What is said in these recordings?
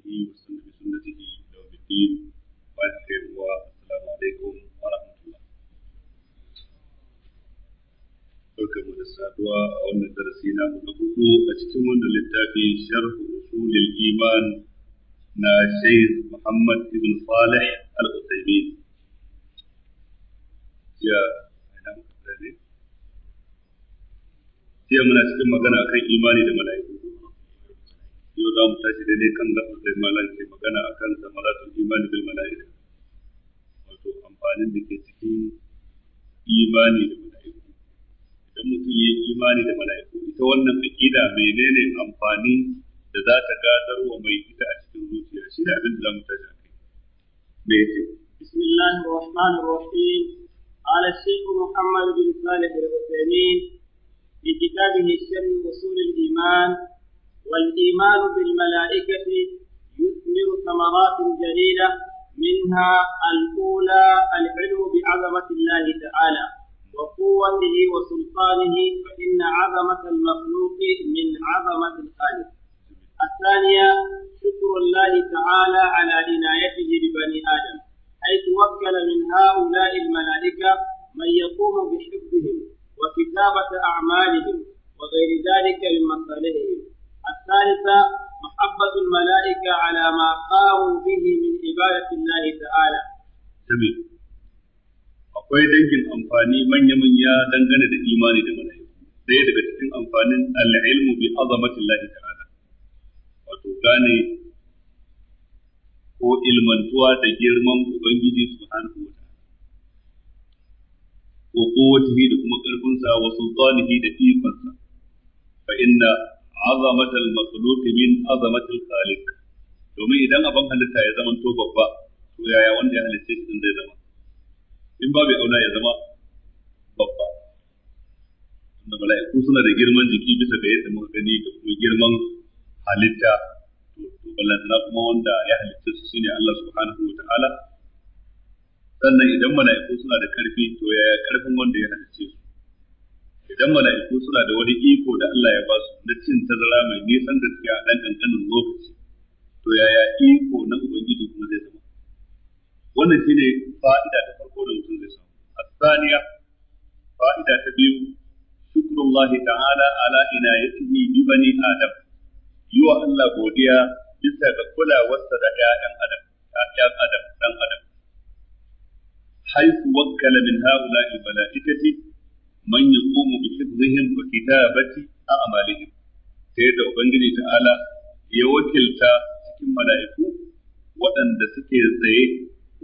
بهديه واستنى بسنته إلى يوم الدين والخير والسلام عليكم ورحمة الله. Barkanmu da saduwa a wannan darasi na na hudu a cikin wannan littafi sharh usulul iman na Shaykh Muhammad ibn Salih Al-Utsaimin. Ya ina muka ne? Jiya muna cikin magana akan imani da mala'iku. yau za mu tashi kan lafazin malam magana a kan samaratul imani bil mala'ika wato amfanin da ke cikin imani da mala'iku idan mutum ya imani da mala'iku ita wannan aƙida menene amfani da za ta gadar wa mai ita a cikin zuciya shi ne abin da za mu tashi a kai me yake bismillahir rahmanir rahim قال الشيخ محمد بن صالح العثيمين في كتابه الايمان والإيمان بالملائكة يثمر ثمرات جليلة منها الأولى العلم بعظمة الله تعالى وقوته وسلطانه فإن عظمة المخلوق من عظمة الخالق الثانية شكر الله تعالى على عنايته ببني آدم حيث وكل من هؤلاء الملائكة من يقوم بحفظهم وكتابة أعمالهم وغير ذلك من مصالحهم الثالثة محبة الملائكة على ما قاموا به من عبادة الله تعالى جميل akwai dangin amfani manya-manya dangane da imani da mala'iku sai daga cikin amfanin al'ilmu bi azamatin lahi ta'ala wato gane ko ilmantuwa da girman ubangiji subhanahu wa wa kowatihi da kuma ƙarfinsa wa sultanihi da ikonsa fa inna azamatal makhluq min azamatil khaliq domin idan abin halitta ya zama to babba to yaya wanda ya halitta shi zai zama in babu auna ya zama babba da mala'iku suna da girman jiki bisa ga yadda muka gani da kuma girman halitta to na kuma wanda ya halitta su shine Allah subhanahu wa ta'ala sannan idan mala'iku suna da karfi to yaya karfin wanda ya halitta shi idan mala'iku suna da wani iko da Allah ya ba su na cin tazara mai nisan gaskiya a ɗan ƙanƙanin lokaci to yaya iko na ubangiji kuma zai zama wannan shine fa'ida ta farko da mutum zai samu asaniya fa'ida ta biyu shukrullahi ta'ala ala inayatihi bi bani adam yi wa Allah godiya bisa ga kulawarsa da ƴaƴan adam ƴaƴan adam dan adam ta وكل من هؤلاء الملائكة man yaqumu bi hifzihim wa kitabati a'malihim sai da ubangiji ta'ala ya wakilta cikin mala'iku waɗanda suke tsaye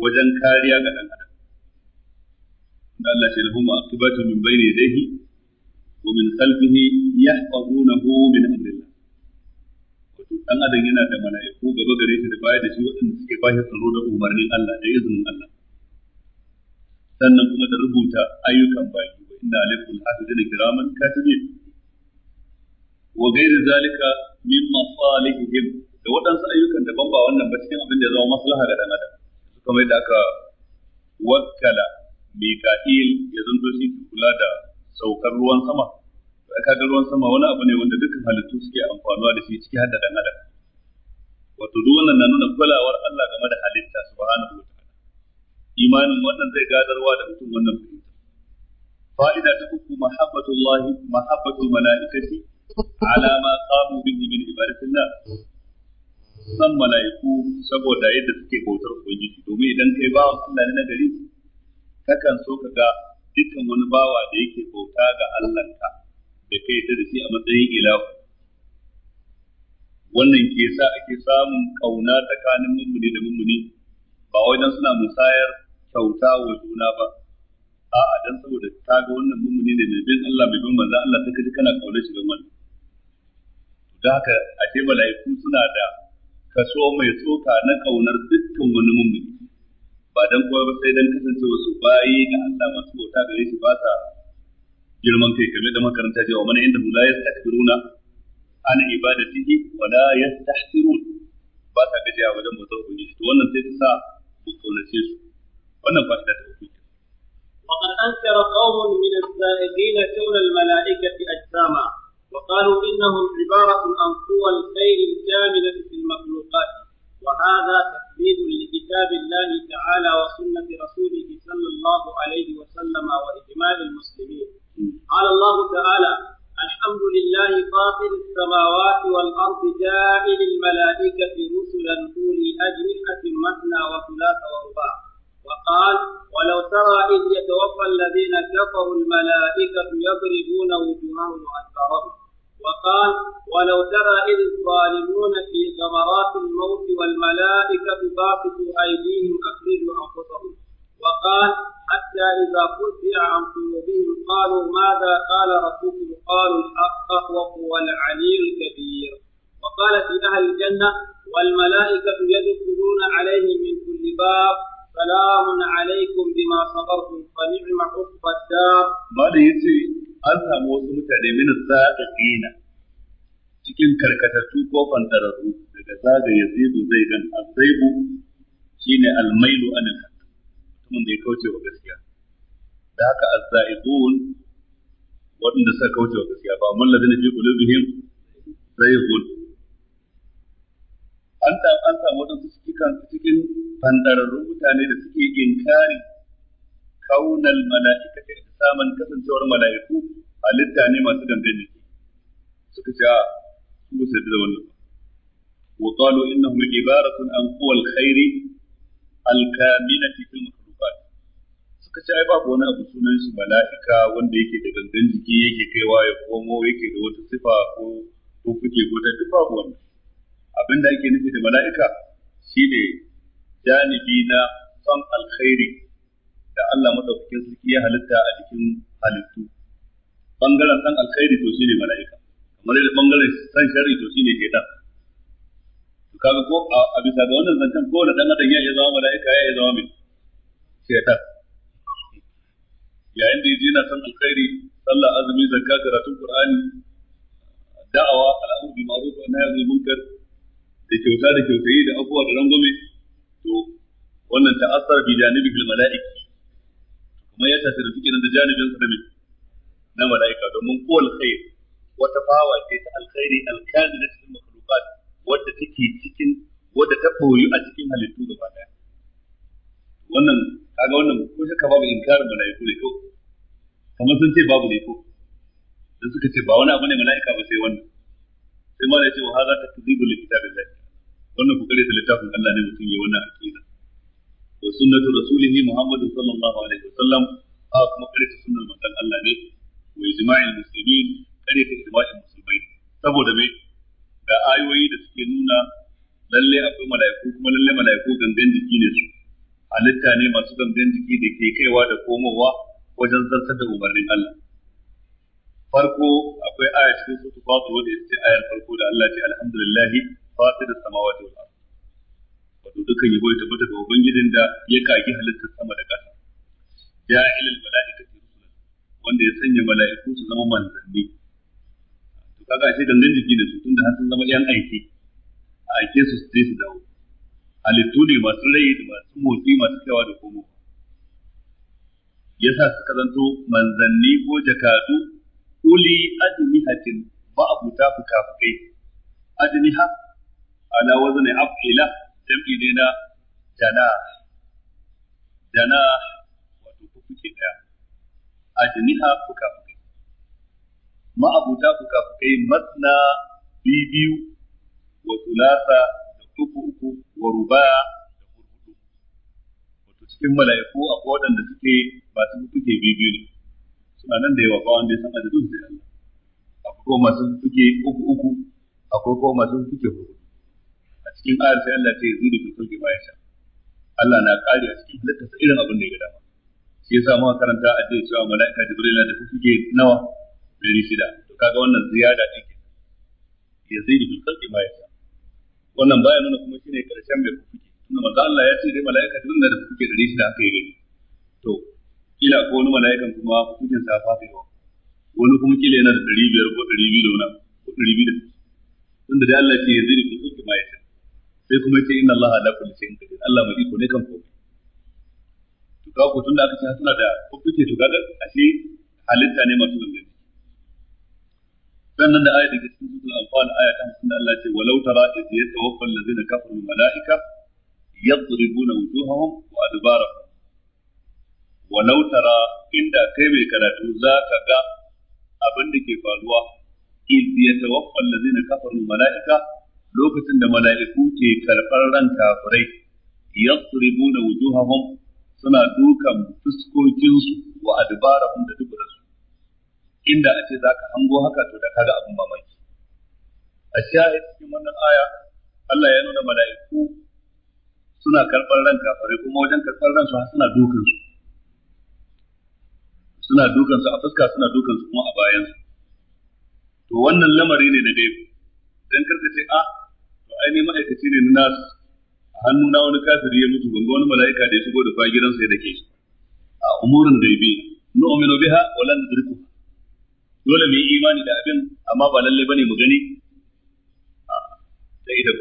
wajen kariya ga dan adam da Allah ce lahum aqibatu min bayni yadayhi dan adam yana da mala'iku gaba gare shi da baya da shi waɗanda suke bashi tsaro da umarnin Allah da izinin Allah sannan kuma da rubuta ayyukan bayi إن عليكم الحافظين كراما كاتبين وغير ذلك من مصالحهم da waɗansu ayyukan daban ba wannan ba cikin abin da ya zama maslaha ga dan adam kamar yadda aka wakkala mika'il ya zanto shi kula da saukar ruwan sama kaga ruwan sama wani abu ne wanda dukkan halittu suke amfanuwa da shi ciki har da dan adam wato duk wannan na nuna kulawar Allah game da halitta subhanahu wa imanin wannan zai gadarwa da mutum wannan fa'ida ta uku mahabbatullahi mahabbatul malaikati ala ma qamu bihi min ibadatillah san malaiku saboda yadda suke bautar ubangiji domin idan kai bawan Allah ne na kakan so ka ga dukkan wani bawa da yake bauta ga Allahnka da kai da shi a matsayin ilahu wannan ke sa ake samun kauna tsakanin mummuni da mummuni ba wajen suna musayar kyauta wa juna ba a'a dan saboda ka ga wannan mummuni ne mai bin Allah mai bin manzo Allah sai kaji kana kaure shi don wannan da haka a ce mala'iku suna da kaso mai tsoka na kaunar dukkan wani mummuni ba dan kowa ba sai dan kasancewa su bayi ga Allah masu bauta gare shi ba sa girman kai kamar da makaranta cewa mana inda la yastakbiruna an ibadatihi wa la yastahsirun ba sa gajiya wajen bautar ubangiji to wannan sai ta sa ku kaunace su wannan fa'ida ta uku وقد أنكر قوم من السائقين كون الملائكة أجساما وقالوا إنهم عبارة عن قوى الخير الكاملة في المخلوقات وهذا تكذيب لكتاب الله تعالى وسنة رسوله صلى الله عليه وسلم وإجماع المسلمين قال الله تعالى الحمد لله فاطر السماوات والأرض جاعل الملائكة رسلا أولي أجنحة مثنى وثلاث ورباع وقال ولو ترى إذ يتوفى الذين كفروا الملائكة يضربون وجوههم وأدبارهم وقال ولو ترى إذ الظالمون في غمرات الموت والملائكة باسطوا أيديهم أخرجوا أنفسهم وقال حتى إذا فزع عن قلوبهم قالوا ماذا قال ربكم قالوا الحق وهو العلي الكبير وقال في أهل الجنة والملائكة karkatattu ko fantararru daga zagaye ya zidu zai gan shi ne almailu an alhaq mutumin da ya kauce wa gaskiya da haka azzaibun waɗanda suka kauce wa gaskiya ba man ladina fi qulubihim zaigun an ta an samu wadansu cikin cikin fandararrun mutane da suke inkari kaunal mala'ikati saman kasancewar mala'iku halitta ne masu dangane suka ce ah, su su da wannan wa qalu innahum ibaratun an quwa al-khair al-kamilati fil makhluqat suka ce ai babu wani abu sunan shi mala'ika wanda yake da gangan jiki yake kaiwa ya komo yake da wata sifa ko ko kuke gota duk babu wannan abinda ake nufi da mala'ika shine janibi na son alkhairi da Allah madaukakin sarki ya halitta a cikin halittu bangaren ɗan alkhairi to shine mala'ika wani da bangaren san shari'a to shine shaitan kaga ko a bisa ga wannan zancen ko da dan adam ya zama mala'ika ya yi zama mai shaitan yayin da yaje yana son alkhairi sallah azumi zakka karatun qur'ani da'awa al'amru bil ma'ruf wa nahyi anil munkar da kyauta da kyautayi da afuwa da rangume to wannan ta'assara bi janibi bil mala'iki kuma ya tasiri cikin da janibin sa na mala'ika domin kowane khair wata bawa ce ta alkhairi alkani na cikin makhlukat wadda take cikin wadda ta koyu a cikin halittu gaba daya wannan kaga wannan ko ka babu inkarin malaiku ne ko kamar sun ce babu ne ko dan suka ce ba wani abu ne malaika ba sai wannan sai ma da ce wa hadha takdhibu li zai. wannan kokari ta littafin Allah ne mutum ya wannan aqida wa sunnatu rasulihi muhammadin sallallahu alaihi wasallam a kuma kare sunan manzon Allah ne wa ijma'il muslimin kare da ilmashin musulmai saboda me ga ayoyi da suke nuna lalle akwai mala'iku kuma lalle mala'iku gangan jiki ne su halitta ne masu gangan jiki da ke kaiwa da komowa wajen zartar da umarnin Allah farko akwai aya cikin sutu fatu wanda ya ce ayar farko da Allah ce alhamdulillahi fatir samawati wa ard wato dukkan yabo ya tabbata ga ubangijin da ya kage halittar sama da ƙasa ya ilal mala'ikatu wanda ya sanya mala'iku su zama manzanni kaga shi dangan jiki da su tunda har sun zama yan aiki a aike su su je su dawo halittu ne masu rai da masu motsi masu kyawa da komo yasa suka zanto manzanni ko jakadu uli ajnihatin ba abuta fukafukai ajniha ala wazni afila jam'i ne na jana jana wato kuke daya ajniha fukafukai ma'abuta fuka kai matna biyu wa tulasa da uku uku wa ruba da hudu wato cikin mala'iku akwai waɗanda suke masu fuke biyu ne suna nan da yawa ba wanda ya san adadin sai Allah akwai kuma masu suke uku uku akwai kuma masu suke hudu a cikin ayar sai Allah ce zuri da sauke ba ya Allah na kare a cikin halittarsa irin abin da ya ga dama shi yasa muka karanta a cewa mala'ika jibril da da suke nawa dari shida to kaga wannan ziyada din ke ya zai da bisan ma ya wannan baya nuna kuma shine karshen mai kuke tunda manzo Allah ya ce dai mala'ika din da kuke dari shida aka yi gani to kila ko wani mala'ikan kuma kuke sa fa kai wani kuma kila yana da ɗari biyar ko ɗari biyu da wani ko ɗari biyu da tunda dai Allah ce ya zai da bisan ma ya sai kuma ce inna Allah ala kulli shay'in qadir Allah mai iko ne kan komai to ka ko tunda aka ce suna da kuke to kaga ashe halitta ne masu zanzani sannan da ayat daga cikin sura al-anfal aya ta 50 da Allah ce walau tara idh yatawaffa allazina kafaru malaika yadribuna wujuhahum wa adbarahum walau tara inda kai mai karatu zaka ga abin da ke faruwa idh yatawaffa allazina kafaru malaika lokacin da mala'iku ke karɓar ran kafirai yadribuna wujuhahum suna dukan fuskokinsu wa adbarahum da duburansu inda a ce za ka hango haka to da kada abin mamaki a shahid cikin wannan aya Allah ya nuna mala'iku suna karɓar ran kafare kuma wajen karɓar ran su suna dukan su suna dukan su a fuska suna dukan su kuma a bayan su to wannan lamari ne da dai dan karka ce a ah, to ai ne ma'aikaci ne na nasu a hannu na wani kafiri ya mutu gongo wani mala'ika da ya shigo da fa gidansa ya dake shi a umurin gaibi nu'minu biha wa lan nudrikuha dole mu yi imani da abin amma ba lalle bane mu gani da ita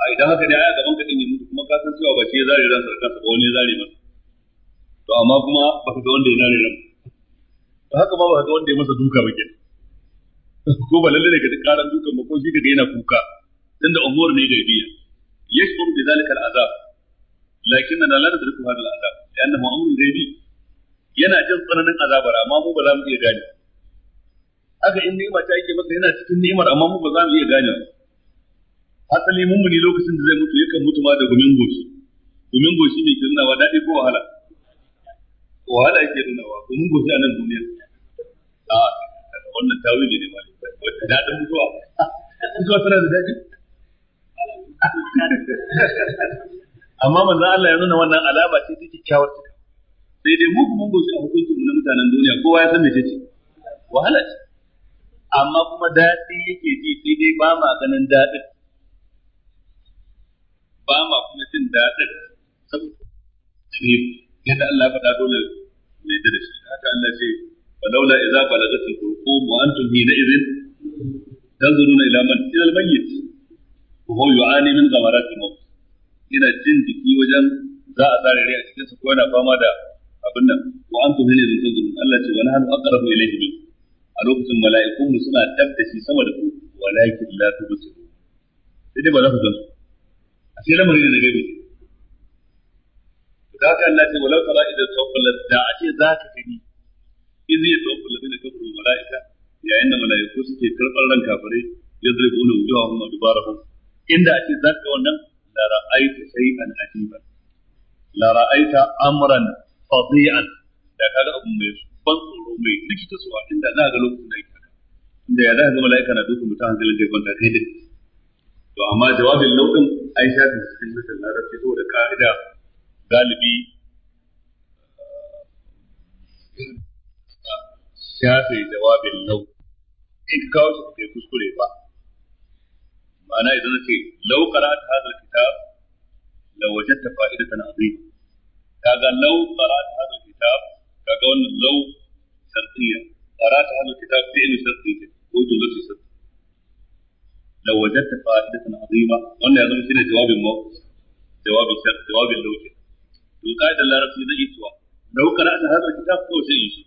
a idan haka ne aya gaban ka din ya mutu kuma ka san cewa ba shi ya zare ran sarkan ba wani zare ba to amma kuma ba ka ga wanda ya zare ran ba haka ma ba ka ga wanda ya masa duka ba ke. ko ba lalle ne ka karan dukan ba ko shi ka ga yana kuka da umur ne biya yashkuru bi zalika al-azab lakinna la nadriku hadha al-azab li'annahu amrun ghaibi yana jin tsananin azabar amma mu ba za mu iya gani. aka in ni'ima ta yake masa yana cikin ni'imar amma mu ba za mu iya gane asali muni lokacin da zai mutu yakan mutu ma da gumin goshi gumin goshi ne ke nunawa daɗi ko wahala wahala yake nunawa gumin goshi a nan duniya a wannan tawil ne ma wata daɗin mutuwa mutuwa tana da daɗi amma manzo Allah ya nuna wannan alama ce ta kyakkyawar sai dai mu kuma goshi a hukuncin mu na mutanen duniya kowa ya san me ce wahala ce amma kuma daɗi yake ji sai dai ba ma ganin daɗin ba ma kuma jin daɗin saboda yadda Allah faɗa dole mai da shi haka Allah ce falaula idza balagat al-qulub wa antum hina idhin tanzuruna ila man ila al-mayyit wa huwa yu'ani min ghamarat al-maut ina jin jiki wajen za a tsare rai a cikin sa ko yana fama da abin nan wa antum hina idhin tanzuruna Allah ce wa nahnu aqrabu ilayhi minkum a lokacin mala'ikun mu suna dab da shi sama da ku walakin la tubsiru sai dai ba za su gan su a sai lamarin ne na gaibe da haka Allah ce walau tara idan tawfallat da a ce za ka gani in zai tawfal da ne kafir mala'ika yayin da mala'iku suke karɓar ran kafirai yadribuna wujuhahum wa dubarahum inda a ce za ka wannan la ra'aita shay'an ajiban la ra'aita amran fadi'an da kaga abu mai su ban tsoro mai rikitarwa inda za a ga lokacin da yake inda ya za a ga mala'ika na dukan mutum hankalin zai kwanta kai da to amma jawabin lauɗin ai shafi cikin mutum larabci da ka'ida galibi shafe jawabin lau in kawo shi kai kuskure ba ma'ana idan na ce lau qara'at hadha alkitab la wajadta fa'idatan azima ga lau qara'at hadha kitab. kaga wannan lau shartiyya qara'at hadha kitab fi ilmi shartiyya ko jumlatu لو وجدت فائدة عظيمة وانا يظن شنو جواب الموقف جواب الشرط جواب اللوجه اللي الله رب زي يتوا لو قرأت هذا الكتاب كو شيء يشي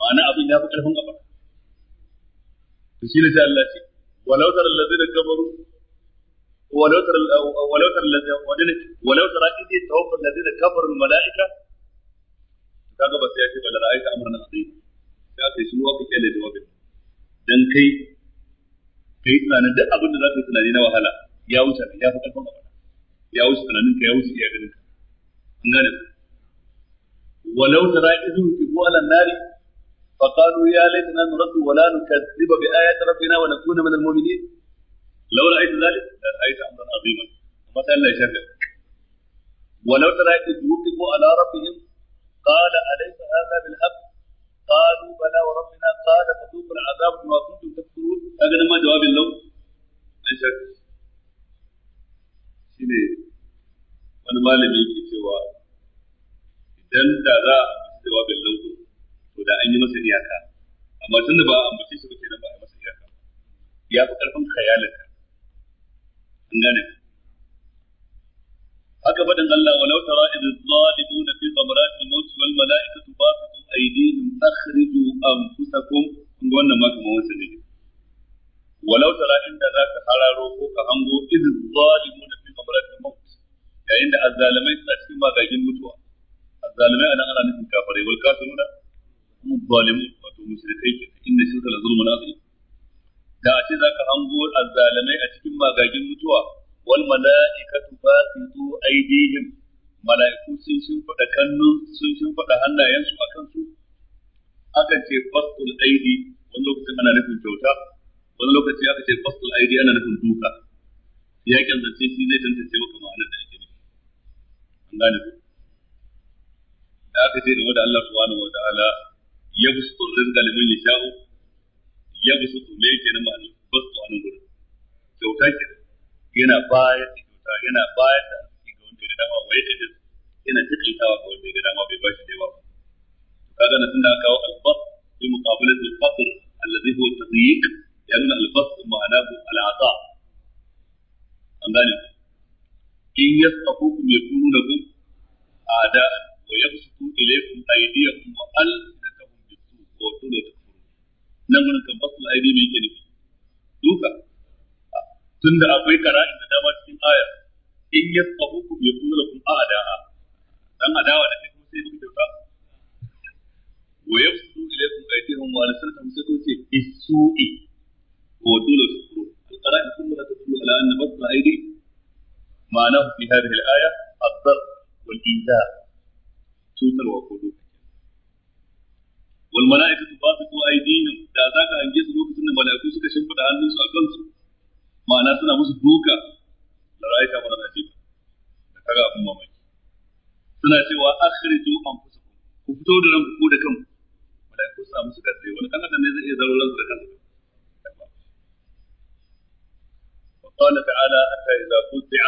معنى أبن يابا كرفن أبا تشيل جاء الله شيء ولو ترى الذين كفروا ولو ترى الذين ولو ترى إذ الذين كفروا الملائكة kaga ba sai ya ce ba da ra'ayta amrun azim ya kai shi ruwa ka kyale jawabin dan kai kai tunanin duk abin da za yi tunani na wahala ya wuce ya fi karfin abada ya wuce tunanin ka ya wuce iya ganin ka an walau tara izu tibu ala nari فقالوا يا ليتنا نرد ولا نكذب بآيات ربنا ونكون من المؤمنين لو رأيت ذلك لرأيت أمرا عظيما مثلا لا يشرع ولو ترى إذ وقفوا على ربهم قال أليس هذا بالحق قالوا بلى وربنا قال فذوقوا العذاب بما كنتم تكفرون هذا ما جواب اللوم an shafi shi ne wani malami yake cewa idan da za a ambaci jawabin lauku to da an yi masa iyaka amma tun da ba a ambaci shi ba kenan ba a yi masa iyaka ya fi karfin khayalinka an gane haka fadin Allah walau tara idh zalimuna fi ghamrat al-maut wal mala'ikatu basitu aydihim akhriju anfusakum wannan ma kamar wancan ne walau tara inda zaka hararo ko ka hango idh zalimuna fi ghamrat al-maut yayin da azzalimai suna cikin magagin mutuwa azzalimai anan ana nufin kafirai wal kafiruna hum zalimun wato mushrikai ke inda shirka la zulmun azim da a ce zaka hango azzalimai a cikin magagin mutuwa wal mala'ikatu basitu aydihim mala'iku sun shimfida kannun sun shimfida hannayensu akan su aka ce fastul aidi wani lokacin ana nufin kyauta wani lokacin aka ce fastul aidi ana nufin duka yakin zance shi zai tantance maka ma'anar da ake nufi an gane ku da aka ce game da Allah subhanahu wa ta'ala ya busutu rizqa liman yasha'u ya busutu me yake na ma'anar basu anan kyauta kenan yana bayar da kyauta yana bayar da arziki ga wanda ya dama wa yake yana takaitawa ga wanda ya dama bai ba shi da yawa kaga na tunda kawo albas fi muqabalat al-faqr alladhi huwa tadyiq yana albas ma'anahu al-ata an gane in yasqukum yakunu lakum ada wa yabsutu ilaykum aydiyakum wa alsinatakum bis-su'i wa tulu nan mun kan basul aidi ne yake nufi duka tunda akwai qara'in da dama cikin aya in da kuma a da'a, dan adawa da kai kuma sai muku kyauta wa yabsutu ilaykum aydihim wa arsaltum sai ko ce isu'i wa dole sukuru القرائن كلها تدل على ان بسط ايدي معناه في هذه الايه الضرب والايذاء توتر وقلوب والملائكة باسطوا أيديهم da za ka hange su lokacin da mala'iku suka shimfida hannunsu a kansu ma'ana suna musu duka da ra'ayta mana da jiba da kaga abin mamaki suna cewa an anfusakum ku fito da ranku ku da kanku wanda ku sa musu gaske wani kan ne zai iya zaro ranku da kansa قال تعالى حتى إذا قطع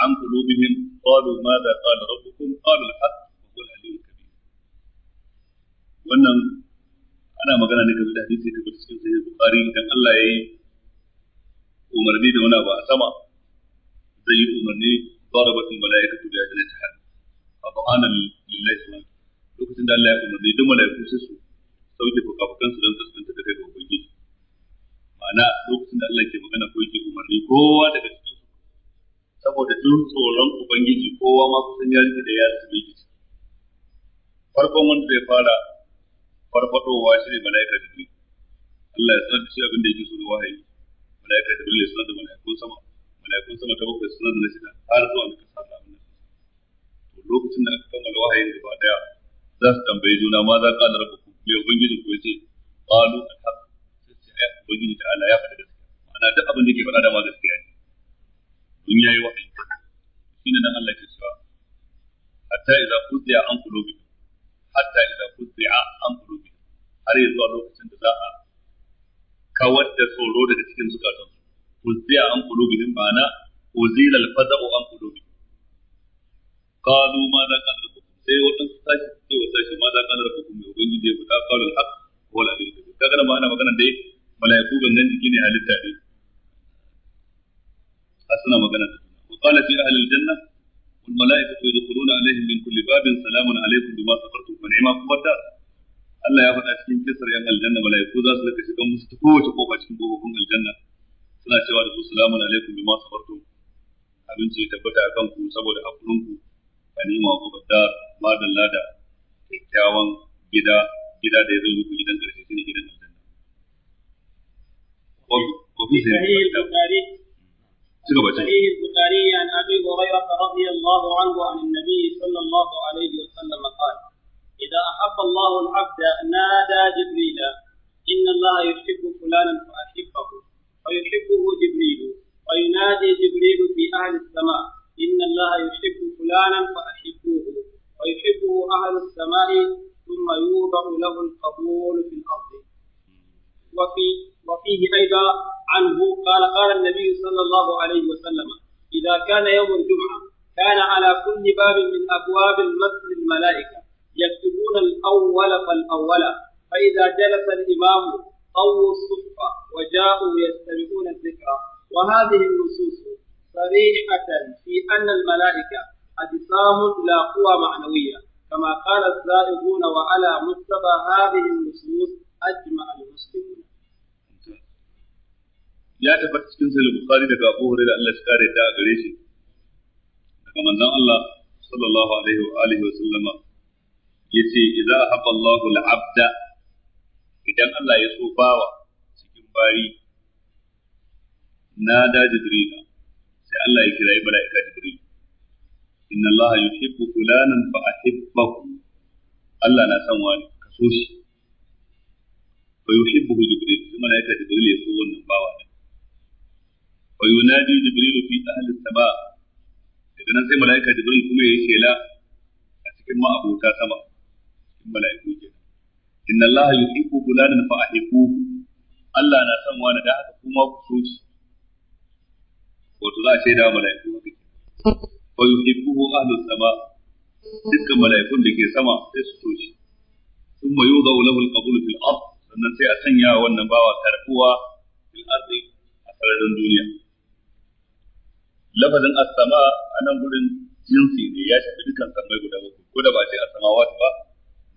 عن قلوبهم قالوا ماذا قال ربكم قالوا الحق وهو العلي الكبير wannan ana magana ne game da hadisi da cikin sahih bukhari dan Allah ya yi. umarni da wani abu a sama zai yi umarni batun ya da ta الملائكة a فطعانا لله سبحانه lokacin da Allah ya umarni duk malaiku sai su sauke fukafukan su don fuskanta da kai ga ubangiji ma'ana lokacin da Allah ke magana ko yake umarni kowa daga cikin su saboda duk tsoron ubangiji kowa ma kusan ya rike da ya rike da farkon wanda zai fara farfadowa shi ne malaika da Allah ya sanar da shi abin da yake so da wahayi malaika da ya sanar da malaikun sama malaikun sama ta bakwai da na shida har zuwa na kasa da abin to lokacin da aka kammala wahayin gaba daya za su tambayi juna ma za ka da ku mai ubangiji ko yace qalu al-haq sai ya ubangiji da Allah ya faɗa gaskiya ma'ana duk abin da yake faɗa da ma gaskiya ne dun yayi wahayi shine nan Allah ke cewa hatta idza qudiya an qulubi hatta idza qudiya an qulubi har yanzu a lokacin da za a kawar da tsoro daga cikin zukatan uzziya an qulubihim ma'ana uzila al-faza'u an qulubihim qalu ma za ka rabbukum sai wata sashi ce wa sashi ma za ka rabbukum mai ubangiji ya fada qalul haqq wal adil kaga nan ma'ana magana dai malaiku gangan jiki ne halitta ne a suna magana da juna wa fi ahli al-janna wal malaikatu yadkhuluna alaihim min kulli babin salamun alaikum bima sabartum wa ni'ma quwwat Allah ya faɗa cikin kisar yan aljanna mala'iku za su rika shiga musu ta kowace kofa cikin kofofin aljanna suna cewa da su salamun alaikum bima sabartum abinci ya tabbata a kanku saboda hakurin ku ka nima ku da madalla da kyakkyawan gida gida da ya zo muku gidan karshe shine gidan aljanna صحيح البخاري عن ابي هريره رضي الله عنه عن النبي صلى الله عليه وسلم قال إذا أحب الله العبد نادى جبريل إن الله يحب فلانا فأحبه ويحبه جبريل وينادي جبريل في أهل السماء إن الله يحب فلانا فأحبوه ويحبه أهل السماء ثم يوضع له القبول في الأرض وفي وفيه أيضا عنه قال قال النبي صلى الله عليه وسلم إذا كان يوم الجمعة كان على كل باب من أبواب المسجد الملائكة يكتبون الأول فالأول فإذا جلس الإمام أو الصفة وجاءوا يستمعون الذكر وهذه النصوص صريحة في أن الملائكة أجسام لا قوى معنوية كما قال الزائغون وعلى مستوى هذه النصوص أجمع المسلمون ya tabbata cikin sahih bukhari daga abu hurairah Allah ya kare ta gare shi daga manzon Allah sallallahu alaihi wa alihi wa sallama yace idza habba Allahu al-abda idan Allah ya so bawa cikin bayi na da jibrila sai Allah ya kira mala'ika jibril inna Allah yuhibbu fulanan fa ahibbahu Allah na san wani ka so shi fa yuhibbuhu jibril sai mala'ika jibril ya so wannan bawa din fa yunadi jibril fi ahli sama daga nan sai mala'ika jibril kuma ya yi shela a cikin ma'abota sama cikin mala'iku ke inna allaha da fulanan fa ahibuhu Allah na san wani da haka kuma ku so shi wato za a shaida wa mala'iku haka sama dukkan mala'ikun da ke sama sai su so shi fil sannan sai a sanya wannan bawa fil a sararin duniya lafazin as-sama a nan gurin jinsi ne ya shafi dukkan sammai guda uku ko da ba ce as-samawat ba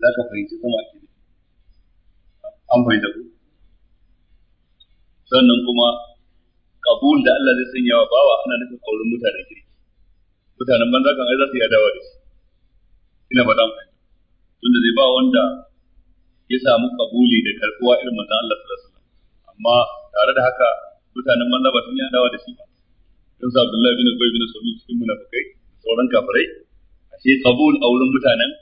za ka fahimci kuma ake nufi an fahimta ku sannan kuma kabul da Allah zai sanya wa bawa ana nufin kaurin mutanen kirki mutanen banza kan ai za su yi adawa da shi ina ba dan fahimta tunda zai ba wanda ya samu kabuli da karkuwa irin manzan Allah sallallahu alaihi wasallam amma tare da haka mutanen manzan ba sun yi adawa da shi ba don sa Abdullahi bin Ubay bin Salul cikin munafikai sauran kafirai ashe kabul a wurin mutanen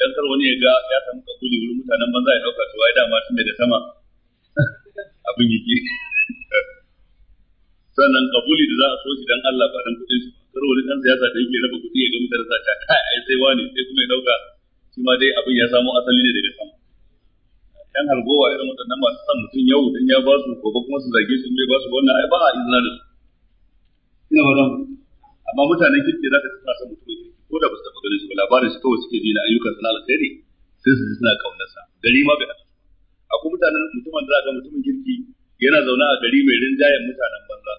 dan kar wani ya ga ya samu kabuli wurin mutanen banza ya dauka to ya dama tun daga sama abin yake sannan kabuli da za a so dan Allah ba dan kudin shi kar wani dan siyasa da yake raba kudi ya ga mutane sa ta kai ai sai wani sai kuma ya dauka shi ma dai abin ya samo asali ne daga sama yan hargowa irin waɗannan masu son mutum yau dan ya ba su gobe kuma su zage su bai ba su wannan ai ba a izina da su ina ba amma mutanen kirki za ka tsara sa mutumin kirki ko da ba su taɓa ganin shi ba labarin shi kawai suke ji na ayyukan sana alkhairi sai su ji suna kaunarsa gari ma bai haɗu akwai mutanen mutumin da za ga mutumin kirki yana zaune a gari mai rinjayen mutanen banza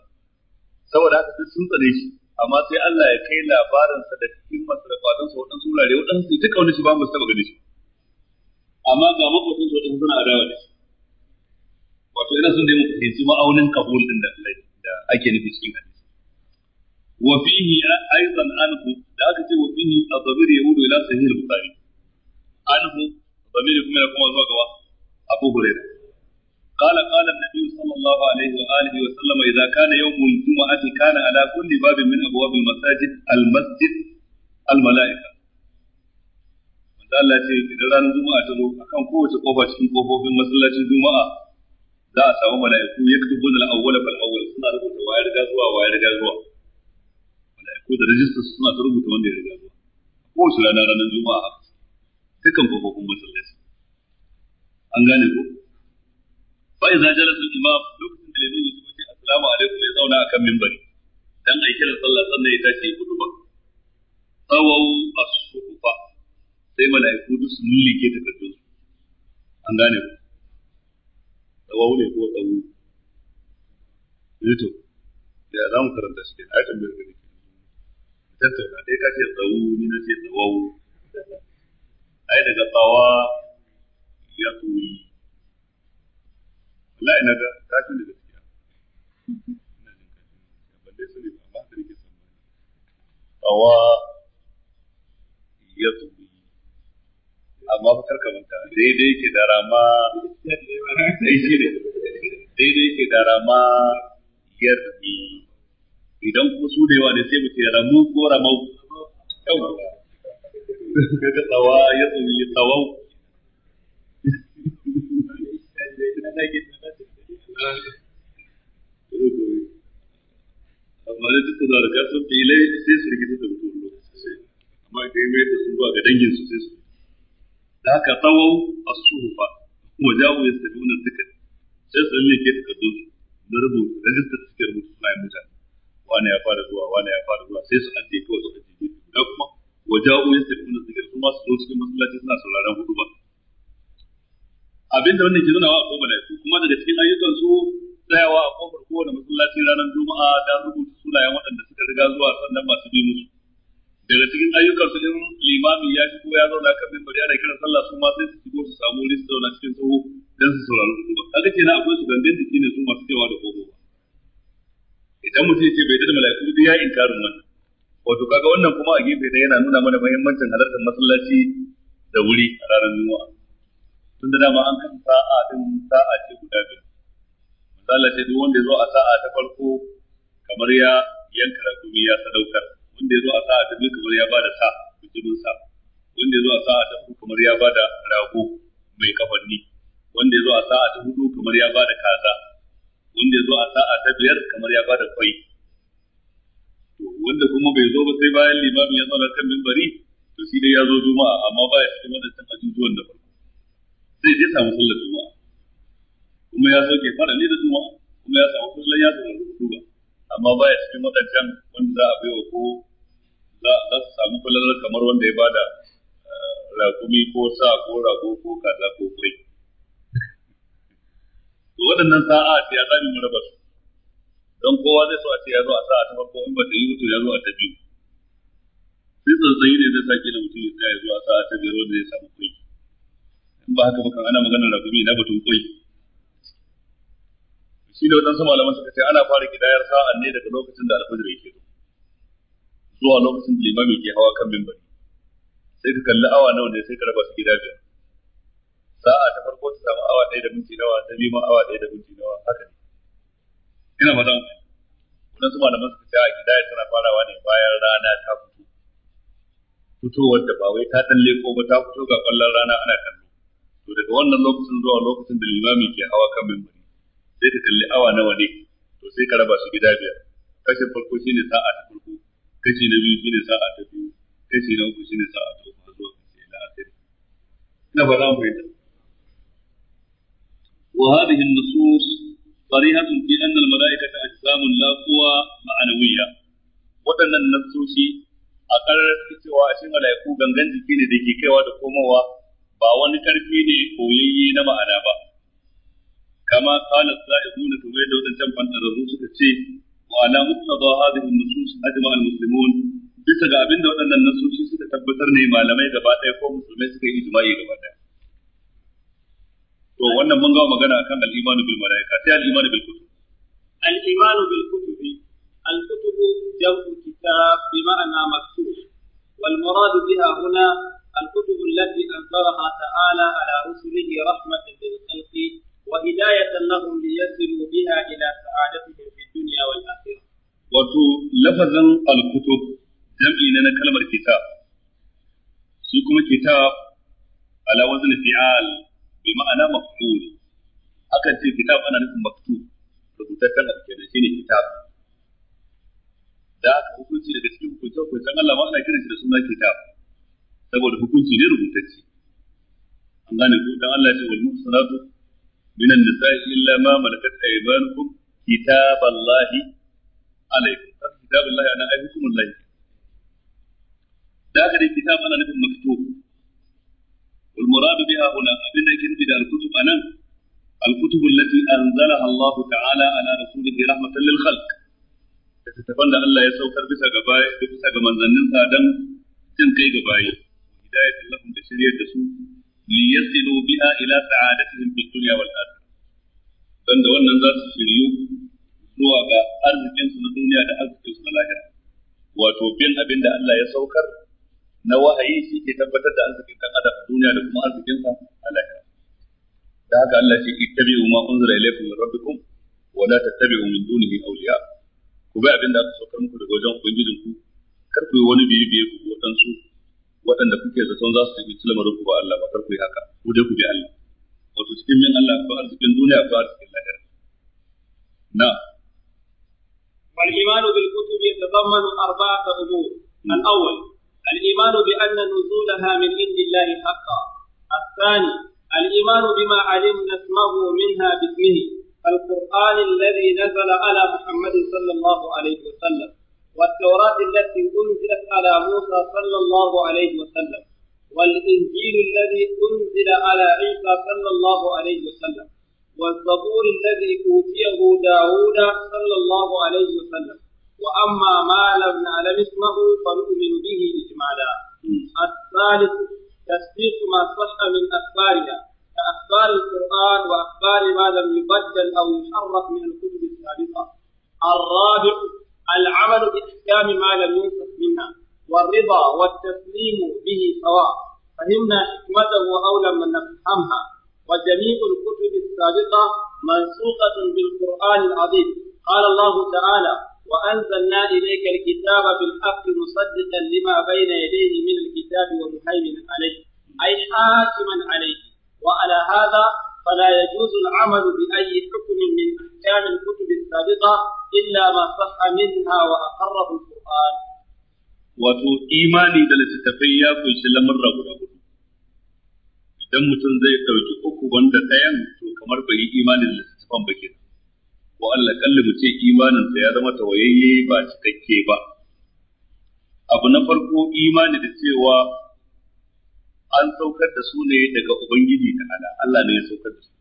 saboda haka duk sun tsare shi amma sai Allah ya kai labarinsa da himmarsa da kwadonsa waɗansu wurare waɗansu sai ta shi ba mu taɓa ganin shi amma ga makwatan su waɗansu suna adawa da shi wato ina son dai mu fahimci ma'aunin kabul din da ake nufi cikin hadisi wa fihi aidan anhu da aka ce wa fihi adabir yahudu ila sahih al-bukhari ne. ضمير كما أبو هريرة قال قال النبي صلى الله عليه وآله وسلم إذا كان يوم الجمعة كان على كل باب من أبواب المساجد المسجد الملائكة Allah ce idan ranar Juma'a ta zo akan kowace kofa cikin kofofin masallacin Juma'a za a samu mala'iku ya kutubu da awwala fal suna rubuta wayar riga zuwa wayar zuwa ko da rajistar suna ta rubuta wanda ya riga zuwa ko su rana ranar juma'a dukkan kofofin masallaci an gane ko fa idza jalasa al-imam lokacin da liman ya zuwa assalamu alaikum ya zauna akan minbari dan ai kira sallah sannan ya tashi ya kudu ba tawau as-sufa sai malaiku duk sun ke ta kaddu an gane ko tawau ne ko tawu ne to ya zamu karanta shi ne ayatul bayyin tattauna dai ka ce tsawo ni na ce tsawo. ai daga tsawa ya tsoyi wallahi na ga kafin da gaskiya ina jin ban dai sani ba amma da nake son tsawa ya tsoyi amma ba karka manta daidai ke da rama shi daidai ke da rama yarbi idan kuma su da yawa ne sai mu ce ramu ko ramau yawa kaga tsawa ya tsawi tsawau amma da duk da riga sun fi ilai sai su rigita da mutum lokaci amma kai mai da sun ba ga dangin su sai su da haka tsawau a suhufa kuma jawo ya sabi wannan dukkan sai su ne ke takardun na rubuta rajistar suke rubuta sunayen mutane wani ya fara zuwa wani ya fara zuwa sai su ajiye kawai su ajiye da kuma waja'u yastaqimuna zikr kuma su zo cikin masallaci suna sauraron ba abinda wannan ke nunawa a ko malaiku kuma daga cikin ayyukan su tsayawa a kofar kowane masallaci ranar juma'a da rubuta sunayen waɗanda suka riga zuwa sannan masu bi musu daga cikin ayyukan su in limami ya shigo ya zauna kan mimbar yana kiran sallah su ma sai su shigo su samu wuri su zauna cikin tsoho don su saurari hutuba kaga kenan akwai su gangan jiki ne su masu cewa da kogo idan mutum ya ce bai dada mala'iku duk ya inkarin wannan wato kaga wannan kuma a gefe da yana nuna mana muhimmancin halartar masallaci da wuri a ranar juma'a tun da dama an kan sa'a din sa'a ce guda biyu misali ce duk wanda ya zo a sa'a ta farko kamar ya yanka rakumi ya sadaukar wanda ya zo a sa'a ta biyu kamar ya bada sa bijimin sa wanda ya zo a sa'a ta uku kamar ya bada rago mai kafanni wanda ya zo a sa'a ta hudu kamar ya bada kaza wanda ya zo a sa'a ta biyar kamar ya bada kwai wanda kuma bai zo ba sai bayan limamin ya zauna kan mimbari to shi dai ya zo juma'a amma ba ya cikin wadannan ajujuwan da farko zai je samu sallar juma'a kuma ya fara ne da juma'a kuma ya samu sallar ya saurari hutuba amma ba ya cikin wadannan wanda za a wa ko za a samu falalar kamar wanda ya bada eh, rakumi ko sa ko rago ko kaza ko kwai to waɗannan sa'a ce ya zabi mu raba su don kowa zai so a ce ya zo a sa'a ta farko in ba ta yi mutu ya zo a ta biyu sai tsantsayi ne zai sake da mutum ya zo zuwa sa'a ta biyar wanda zai samu kwai in ba haka ba ana maganar rakumi na batun kwai shi da waɗansu malaman suka ce ana fara kidayar sa'an ne daga lokacin da alfajir yake zo zuwa lokacin da limami ke hawa kan mimbari sai ka kalli awa nawa ne sai ka raba su gida biyar sa'a ta farko ta samu awa ɗaya da minti nawa ta biyu ma awa ɗaya da minti nawa haka ne ina mazan wadansu malaman suka ce a gidaya tana farawa ne bayan rana ta fito fitowar da ba wai ta dan leko ba ta fito ga kallon rana ana kallo to daga wannan lokacin zuwa lokacin da limami ke hawa kan mimbari sai ka kalli awa nawa ne to sai ka raba su gida biyar kashin farko shine sa'a ta farko kashi na biyu shine sa'a ta biyu kashi na uku shine sa'a ta uku zuwa kashi na asiri ina ba za mu fahimta وهذه النصوص صريحة في أن الملائكة أجسام لا قوى معنوية وأن النصوص أقرر سوى أشياء ملائكة غنغن جكين دكي كوا دكوموا باوان كرفين قويي نما أنا با كما قال الزائبون كما يدود الجنب أن الرسول وعلى مقتضى هذه النصوص أجمع المسلمون bisa ga abin da waɗannan nasoshi suka tabbatar ne malamai gaba ɗaya ko musulmai suka yi ijma'i gaba ɗaya to wannan mun gawa magana kan al-iman bil malaika sai al-iman bil kutub al-iman bil kutub al-kutub jam'u kitab bi ma'na maktub wal murad biha huna al-kutub allati anzalaha ta'ala ala rusulihi rahmatan lil khalqi wa hidayatan lahum liyasiru biha ila sa'adatihim fid dunya wal akhirah wato lafazan al jam'i na kalmar kita, shi kuma kitab ala wazn fi'al bi ma'ana maktub akan ce kitab ana nufin maktub rubutaccen abu kenan shine kitab da aka hukunci daga cikin hukuncen hukuncen Allah ma ana kiran shi da suna kitab saboda hukunci ne rubutacce an gane ko dan Allah ce wal muhsanatu minan nisa'i illa ma malakat aymanukum kitaballahi alaikum kitaballahi ana ai hukumul lahi da aka dai kitab ana nufin maktub المراد بها هنا أبن كنت الكتب أنا الكتب التي أنزلها الله تعالى على رسوله رحمة للخلق تتفن الله يسوكر بسا قبائي بسا قمان ظنن سادم تنقي قبائي هداية لهم بشرية دسو ليصلوا بها إلى سعادتهم في الدنيا والآخرة dan da wannan za su shiryu zuwa ga arzikinsu na duniya da arzikinsu na lahira wato bin abin da Allah ya saukar na wahayi shi ke tabbatar da arzikin kan adam a duniya da kuma arzikin sa a lahira da haka Allah ce ittabi'u ma unzila ilaykum min rabbikum wa la tattabi'u min dunihi awliya ku bi abinda da aka saukar muku daga wajen ubangijin ku kar ku yi wani biye biye ku su. waɗanda kuke zaton za su yi lamarin ku ba Allah ba kar ku yi haka ku dai ku bi Allah wato cikin min Allah ko arzikin duniya ko arzikin lahira na والإيمان بالكتب يتضمن أربعة أمور awwal. الإيمان بأن نزولها من عند الله حقا الثاني الإيمان بما علمنا اسمه منها باسمه القرآن الذي نزل على محمد صلى الله عليه وسلم والتوراة التي أنزلت على موسى صلى الله عليه وسلم والإنجيل الذي أنزل على عيسى صلى الله عليه وسلم والزبور الذي أوتيه داود صلى الله عليه وسلم وأما ما لم نعلم اسمه فنؤمن به إجمالا الثالث تصديق ما صح من أخبارنا كأخبار القرآن وأخبار ما لم يبدل أو يحرف من الكتب السابقة الرابع العمل بإحكام ما لم ينسخ منها والرضا والتسليم به سواء فهمنا حكمته أو لم نفهمها وجميع الكتب السابقة منسوخة بالقرآن العظيم قال الله تعالى وأنزلنا إليك الكتاب بالحق مصدقا لما بين يديه من الكتاب ومهيمن عليه أي حاكما عليه وعلى هذا فلا يجوز العمل بأي حكم من أحكام الكتب السابقة إلا ما صح منها وأقره القرآن wato imani da littattafai ya kunshi lamarra guda hudu idan mutum zai ɗauki uku wanda ɗayan to kamar bai yi imani da littattafan ba kenan ko Allah kalli mu ce imanin sa ya zama tawayayye ba cikakke ba abu na farko imani da cewa an saukar da su ne daga ubangiji ta ala Allah ne ya saukar da su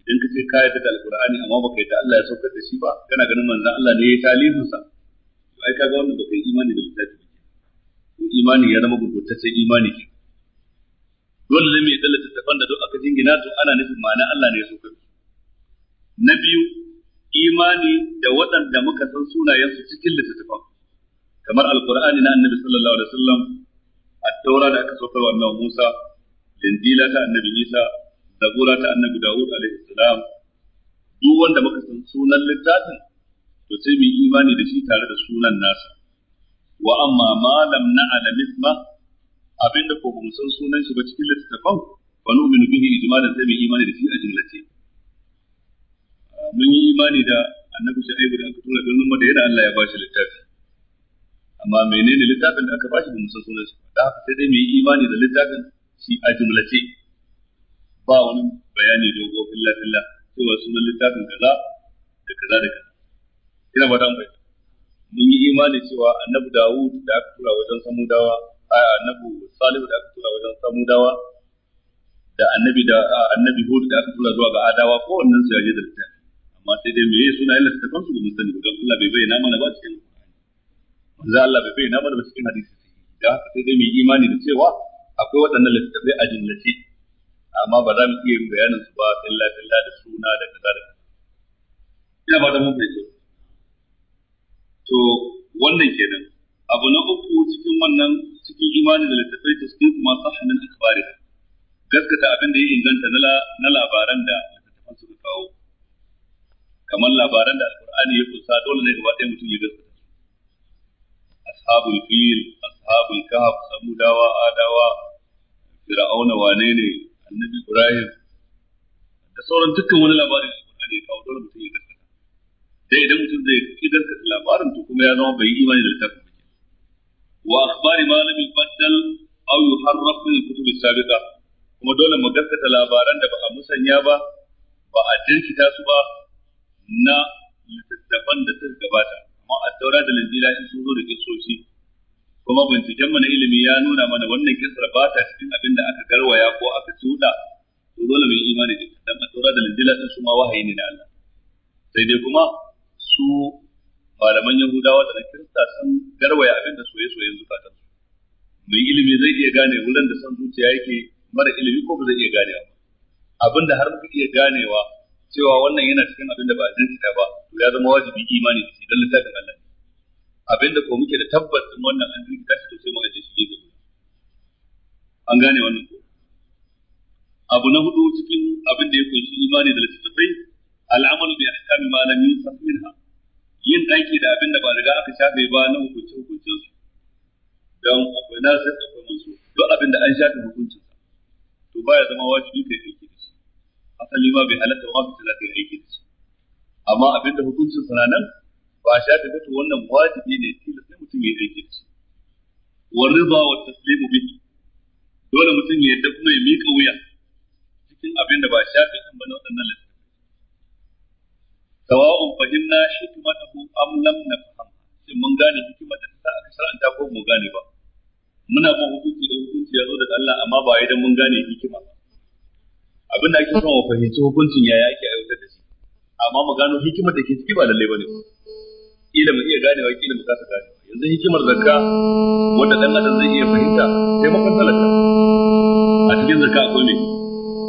idan ka ce ka yi da alqur'ani amma baka yarda Allah ya saukar da shi ba kana ganin manzon Allah ne ya talihin sa to ai kaga wannan baka yi imani da littafi ko imani ya zama gurgurtaccen imani ke dole ne mai dalilin da duk aka jingina to ana nufin ma'ana Allah ne ya saukar da na biyu imani da waɗanda muka san sunayensu cikin littattafan kamar alqur'ani na annabi sallallahu alaihi wasallam at-taura da aka saukarwa annabi Musa linjila ta annabi Isa zabura ta annabi Dawud alaihi salam duk wanda muka san sunan littafin to sai mu imani da shi tare da sunan nasa wa amma ma lam na'lam isma abinda ko mu san sunan shi ba cikin littafin fa nu'minu bihi ijmalan sai mu imani da shi a jumlace mun yi imani da annabi Shu'aibu da aka tura birnin yana Allah ya bashi littafi amma menene littafin da aka bashi ba mu san sunan shi da haka sai dai mu yi imani da littafin shi a jumlace ba wani bayani dogo filla filla wa sunan littafin kaza da kaza da kaza ina ba dan bai mun yi imani cewa annabi Dawud da aka tura wajen Samudawa a annabi Salihu da aka tura wajen Samudawa da annabi da annabi Hud da aka tura zuwa ga Adawa ko wannan ya yaje da littafi amma sai dai meye suna yin littafin su mun sani don Allah bai bayyana mana ba cikin manzo Allah bai bayyana mana ba cikin hadisi da haka sai dai mu imani da cewa akwai waɗannan littafai a jumlace amma ba za mu iya yin bayanin su ba illa billah da suna da kaza da ina ba da mun fahimci to wannan kenan abu na uku cikin wannan cikin imani da littafai ta cikin kuma sahamin akbari gaskata abin da ya inganta na labaran da littafan suka kawo kamar labaran da alqur'ani ya kusa dole ne gaba ɗaya mutum ya gaskata ashabul fil ashabul kahf samudawa adawa fir'auna wane ne annabi ibrahim da sauran dukkan wani labarin da alqur'ani ya kawo dole mutum ya gaskata sai idan mutum zai kidarka labarin to kuma ya zama bai yi imani da littafin ba wa akhbari ma lam yubaddal aw yuharraf min kutub as-sabiqa kuma dole mu gaskata labaran da ba a musanya ba ba a jinkita su ba na littattafan da suka gabata amma a taura da linjila shi sun zo da kisoshi kuma binciken mu na ilimi ya nuna mana wannan kisar ba ta cikin abin da aka garwaya ko aka cuda to dole mai imani da dan a taura da linjila sun suma wahayi ne na Allah sai dai kuma su malaman yahudawa da na kirista sun garwaya abin da soye soye zukatansu mai ilimi zai iya gane wulan da son zuciya yake mara ilimi ko ba zai iya ganewa abin da har muka iya ganewa cewa wannan yana cikin abin da ba jinkita ba to ya zama wajibi imani da shi don littafin Allah abin da ko muke da tabbas din wannan an jinkita shi to sai mu aje shi gefe an gane wannan ko abu na hudu cikin abin da ya kunshi imani da littafai al'amalu bi ahkami ma lam yusaf minha yin aiki da abin da ba riga aka shafe ba na hukunci hukuncin su akwai akwai nasir kuma su, duk abin da an shafe hukuncin to baya zama wajibi kai aiki asali ma bai halatta ma mutum zaka aiki da su. amma abinda hukuncin sa nan ba sha ta fito wannan wajibi ne kila sai mutum ya yi aiki da shi wa riba wa taslimu bihi dole mutum ya yadda kuma ya miƙa wuya cikin abinda ba sha ta kan bane waɗannan lissafi sawa'un fahimna hikmatahu am lam nafham shin mun gane hikimar da ta aka shar'anta ko mu gane ba muna bin hukunci da hukunci ya zo daga Allah amma ba idan mun gane hikima ba abin da ake son mu fahimci hukuncin yaya ake aiwatar da shi amma mu gano hikimar da ke ciki ba lallai bane kila mu iya ganewa kila mu kasa gane yanzu hikimar zakka wanda dan adam zai iya fahimta sai makon talaka a cikin zakka akwai ne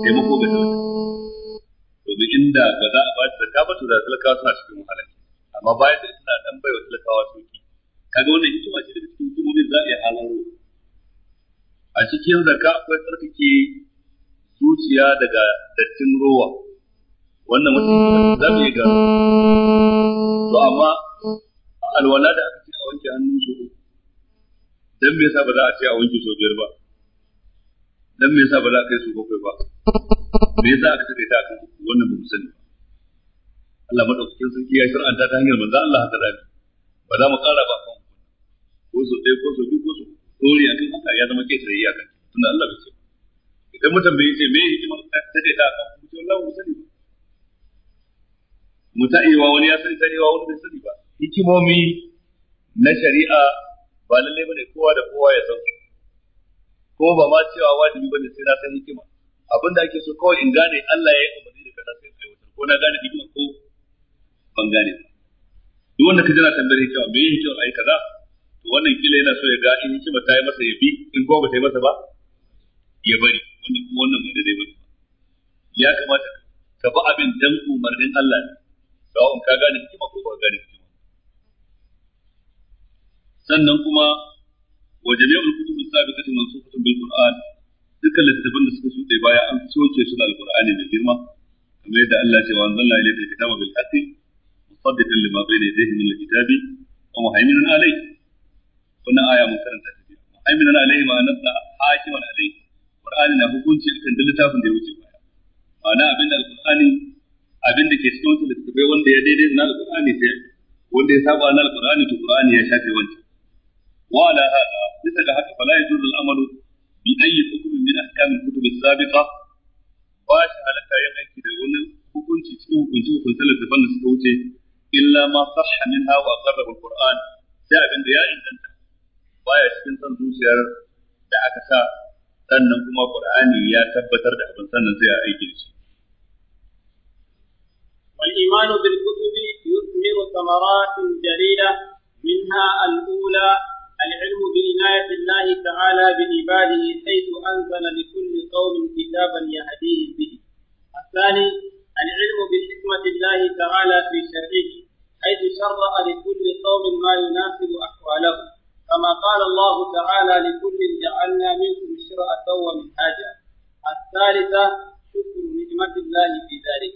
sai mako ta to duk inda ba za a ba da zakka ba to da talaka suna cikin wahala amma bayan da ina dan baiwa talakawa sauki kaga wannan hikima ce da cikin hikimomin za a iya halaro a cikin zakka akwai tsarkake zuciya daga dattin rowa wannan mutum za mu iya gano to amma alwala da aka ce a wanke hannun su dan me yasa ba za a ce a wanke so biyar ba dan me yasa ba za a kai su bakwai ba me yasa aka take ta kan wannan ba mu sani Allah madaukakin sarki ya shar'anta ta hanyar manzo Allah haka da ba za mu kara ba ko so ɗaya ko so biyu ko so a akan haka ya zama kai tarayya kan tunda Allah bai ce idan mutum bai ce me hikimar ta ce ta kan kuma wallahi mu sani ba mu ta iya wani ya sani ta wa wani bai sani ba hikimomi na shari'a ba lalle bane kowa da kowa ya san ko ba ma cewa wajibi bane sai na san hikima abin da ake so kawai in gane Allah ya yi umarni da kaza sai kai wutar ko na gane hikima ko ban gane ba duk wanda ka jira tambayar hikima me hikima ai kaza to wannan kila yana so ya ga in hikima ta yi masa ya bi in ko ba ta yi masa ba ya bari wanda kuma wannan ba daidai bane ya kamata ka bi abin dan umarnin Allah ne sawa'un ka gane hikima ko ba gane hikima sannan kuma wa jami'ul kutub as-sabiqati mansukhatun bil qur'an dukkan littattafan da suka shuɗe baya an soke su da alqur'ani mai girma kamar yadda Allah ya ce wa anzalna ilayka kitaba bil haqqi musaddiqan lima bayna yadayhi min al-kitabi wa muhaiminan alayhi wannan aya mun karanta ta muhaiminan alayhi ma'anarsa hakiman alayhi Qur'ani na hukunci akan duk littafin da ya wuce baya ma'ana abin da alqur'ani abin da ke cikin wata littafai wanda ya daidai da alqur'ani sai wanda ya saba na alqur'ani to qur'ani ya shafe wancan wa ala hada bisa ga haka fala yajuzu al-amalu bi ayyi hukmin min ahkam al-kutub as-sabiqa ba shi halatta yin aiki da wani hukunci cikin hukunci hukuncin littafan da suka wuce illa ma sahha minha wa qarraba al-qur'an sai abin da ya inganta baya cikin son zuciyar da aka sa sannan kuma qur'ani ya tabbatar da abin sannan sai a aiki da shi والإيمان بالكتب يثمر ثمرات جليلة منها الأولى العلم بعناية الله تعالى بعباده حيث أنزل لكل قوم كتابا يهديه به. الثاني العلم بحكمة الله تعالى في شرعه حيث شرع لكل قوم ما يناسب أحوالهم كما قال الله تعالى لكل جعلنا منكم شرعة ومنهاجا الثالثة شكر نعمة الله في ذلك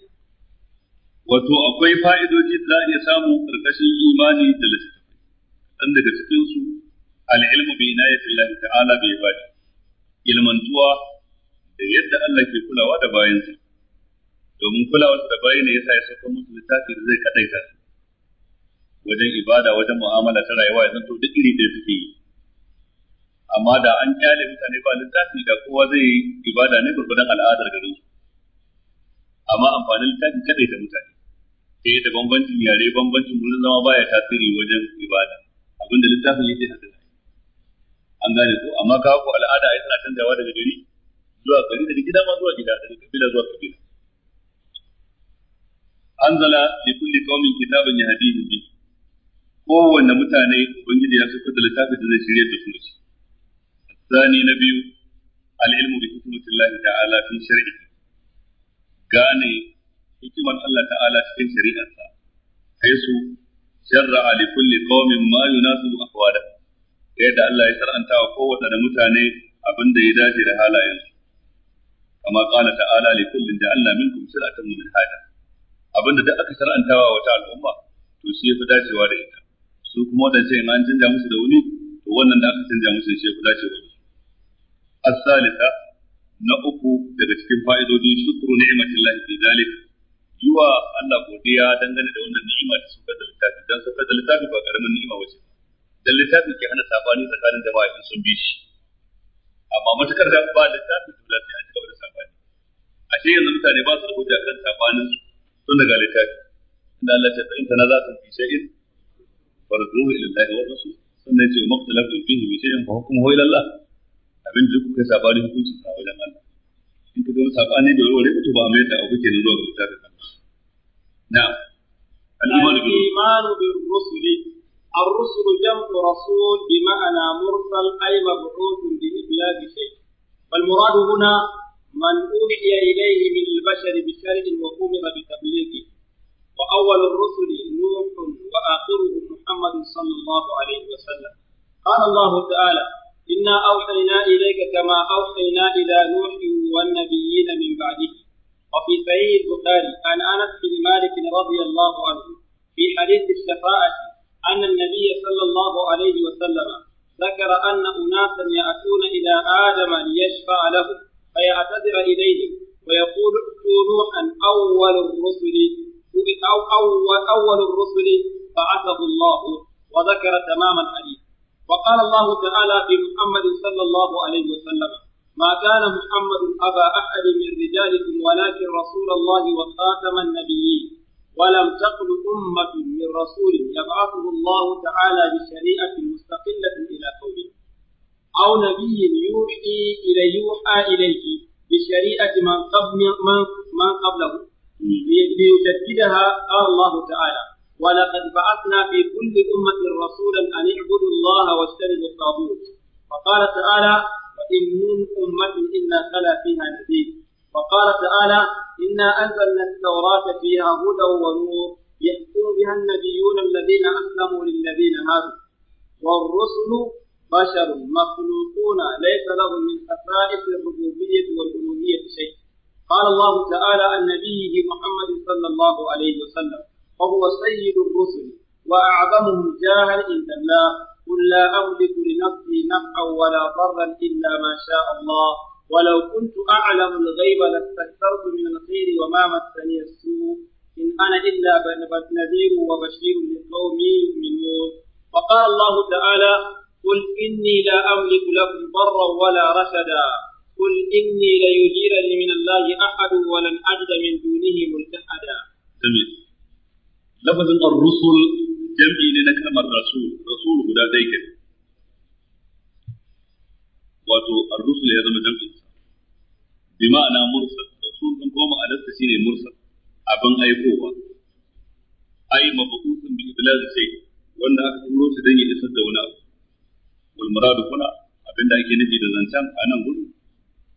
wato akwai fa'idoji da za a iya samu ƙarƙashin imani da littattafai ɗan daga cikinsu al'ilmu bai na yafi Allah ta'ala bai ba ilmantuwa da yadda Allah ke kulawa da bayansa domin kulawa da bayan ya sa ya sauka musu littafi da zai kaɗaita su wajen ibada wajen mu'amala ta rayuwa ya zanto duk iri da suke yi amma da an kyale mutane ba littafi da kowa zai yi ibada ne gurgudan al'adar garin su amma amfanin littafin kadai da mutane sai da bambancin yare bambancin wurin zama baya tasiri wajen ibada abinda littafin yake haka an gane ko amma ka ko al'ada ai tana canzawa daga gari zuwa gari daga gida ma zuwa gida daga kabila zuwa kabila anzala li kulli qaumin kitaban yahdihim bihi kowanne mutane ubangiji ya saka da littafin da zai shirya da su shi sani na biyu Al'ilmu ilmu bi hikmatillahi ta'ala fi shar'i gane hikimar Allah ta'ala cikin shari'arsa Kai haisu shar'a li kulli qaumin ma yunasibu ahwada yadda Allah ya saranta wa kowanne mutane abin da ya dace da halayen su. kama qala ta'ala li kullin ja'alna minkum shir'atan min hada abinda da aka sar'antawa wata al'umma to shi ya fi dacewa da ita su kuma wadance sai an canja musu da wani to wannan da aka canja musu shi ku dace wani as-salisa na uku daga cikin fa'idodi shukru ni'matillahi fi zalika yiwa Allah godiya dangane da wannan ni'ima da suka da littafi dan suka da littafi ba karamin ni'ima wace dan littafi ke hana sabani tsakanin jama'a in sun bi shi amma matakar da ba littafi to lafiya a cikin da sabani a ce yanzu mutane ba su da hujja kan sabanin su tun daga littafi inda Allah ya ce in tanazatu fi shay'in فردوه إلى الله والرسول سنة يسير مقتل فيه بشيء فحكمه إلى الله أبن جبك سباني هكو جسا ولا مال إنك دون سباني جو روح لكتب أميتا أو بكين روح بكتاب نعم الإيمان بالرسل الرسل جمع رسول بمعنى مرسل أي مبعوث بإبلاغ شيء والمراد هنا من أوحي إليه من البشر بشرع وأمر بتبليغه وأول الرسل نوح وآخره محمد صلى الله عليه وسلم قال الله تعالى إنا أوحينا إليك كما أوحينا إلى نوح والنبيين من بعده وفي صحيح البخاري عن أنس بن مالك رضي الله عنه في حديث الشفاعة أن النبي صلى الله عليه وسلم ذكر أن أناسا يأتون إلى آدم ليشفع له فيعتذر إليهم ويقول ائتوا نوحا أول الرسل أو أول, أول الرسل بعثه الله وذكر تمام الحديث وقال الله تعالى في محمد صلى الله عليه وسلم ما كان محمد أبا أحد من رجالكم ولكن رسول الله وخاتم النبيين ولم تقل أمة من رسول يبعثه الله تعالى بشريعة مستقلة إلى قوله أو نبي يوحي إلى يوحى إليه بشريعة من قبل من, من قبله ليجددها قال الله تعالى ولقد بعثنا في كل أمة رسولا أن اعبدوا الله واجتنبوا الطاغوت فقال تعالى وإن من أمة إلا خلا فيها نذير وقال تعالى إنا أنزلنا التوراة فيها هدى ونور يحكم بها النبيون الذين أسلموا للذين هادوا والرسل بشر مخلوقون ليس لهم من خصائص الربوبية والألوهية شيء قال الله تعالى عن نبيه محمد صلى الله عليه وسلم وهو سيد الرسل وأعظمهم جاها عند الله قل لا أملك لنفسي نفعا ولا ضرا إلا ما شاء الله ولو كنت أعلم الغيب لاستكثرت من الخير وما مسني السوء إن أنا إلا نذير وبشير لقوم يؤمنون وقال الله تعالى قل إني لا أملك لكم ضرا ولا رشدا قل إني لا يجيرني من الله أحد ولن أجد من دونه ملتحدا جميل لفظ الرسل جمعي لنا كلمة رسول هدى ديك wato الرسل ya zama jam'in bima'ana mursal rasul din goma alasta shine mursal abin aikowa ai mabu'utun bi iblaz sai wanda aka turo shi dan ya isar da wani abu wal muradu kuna da zancan a nan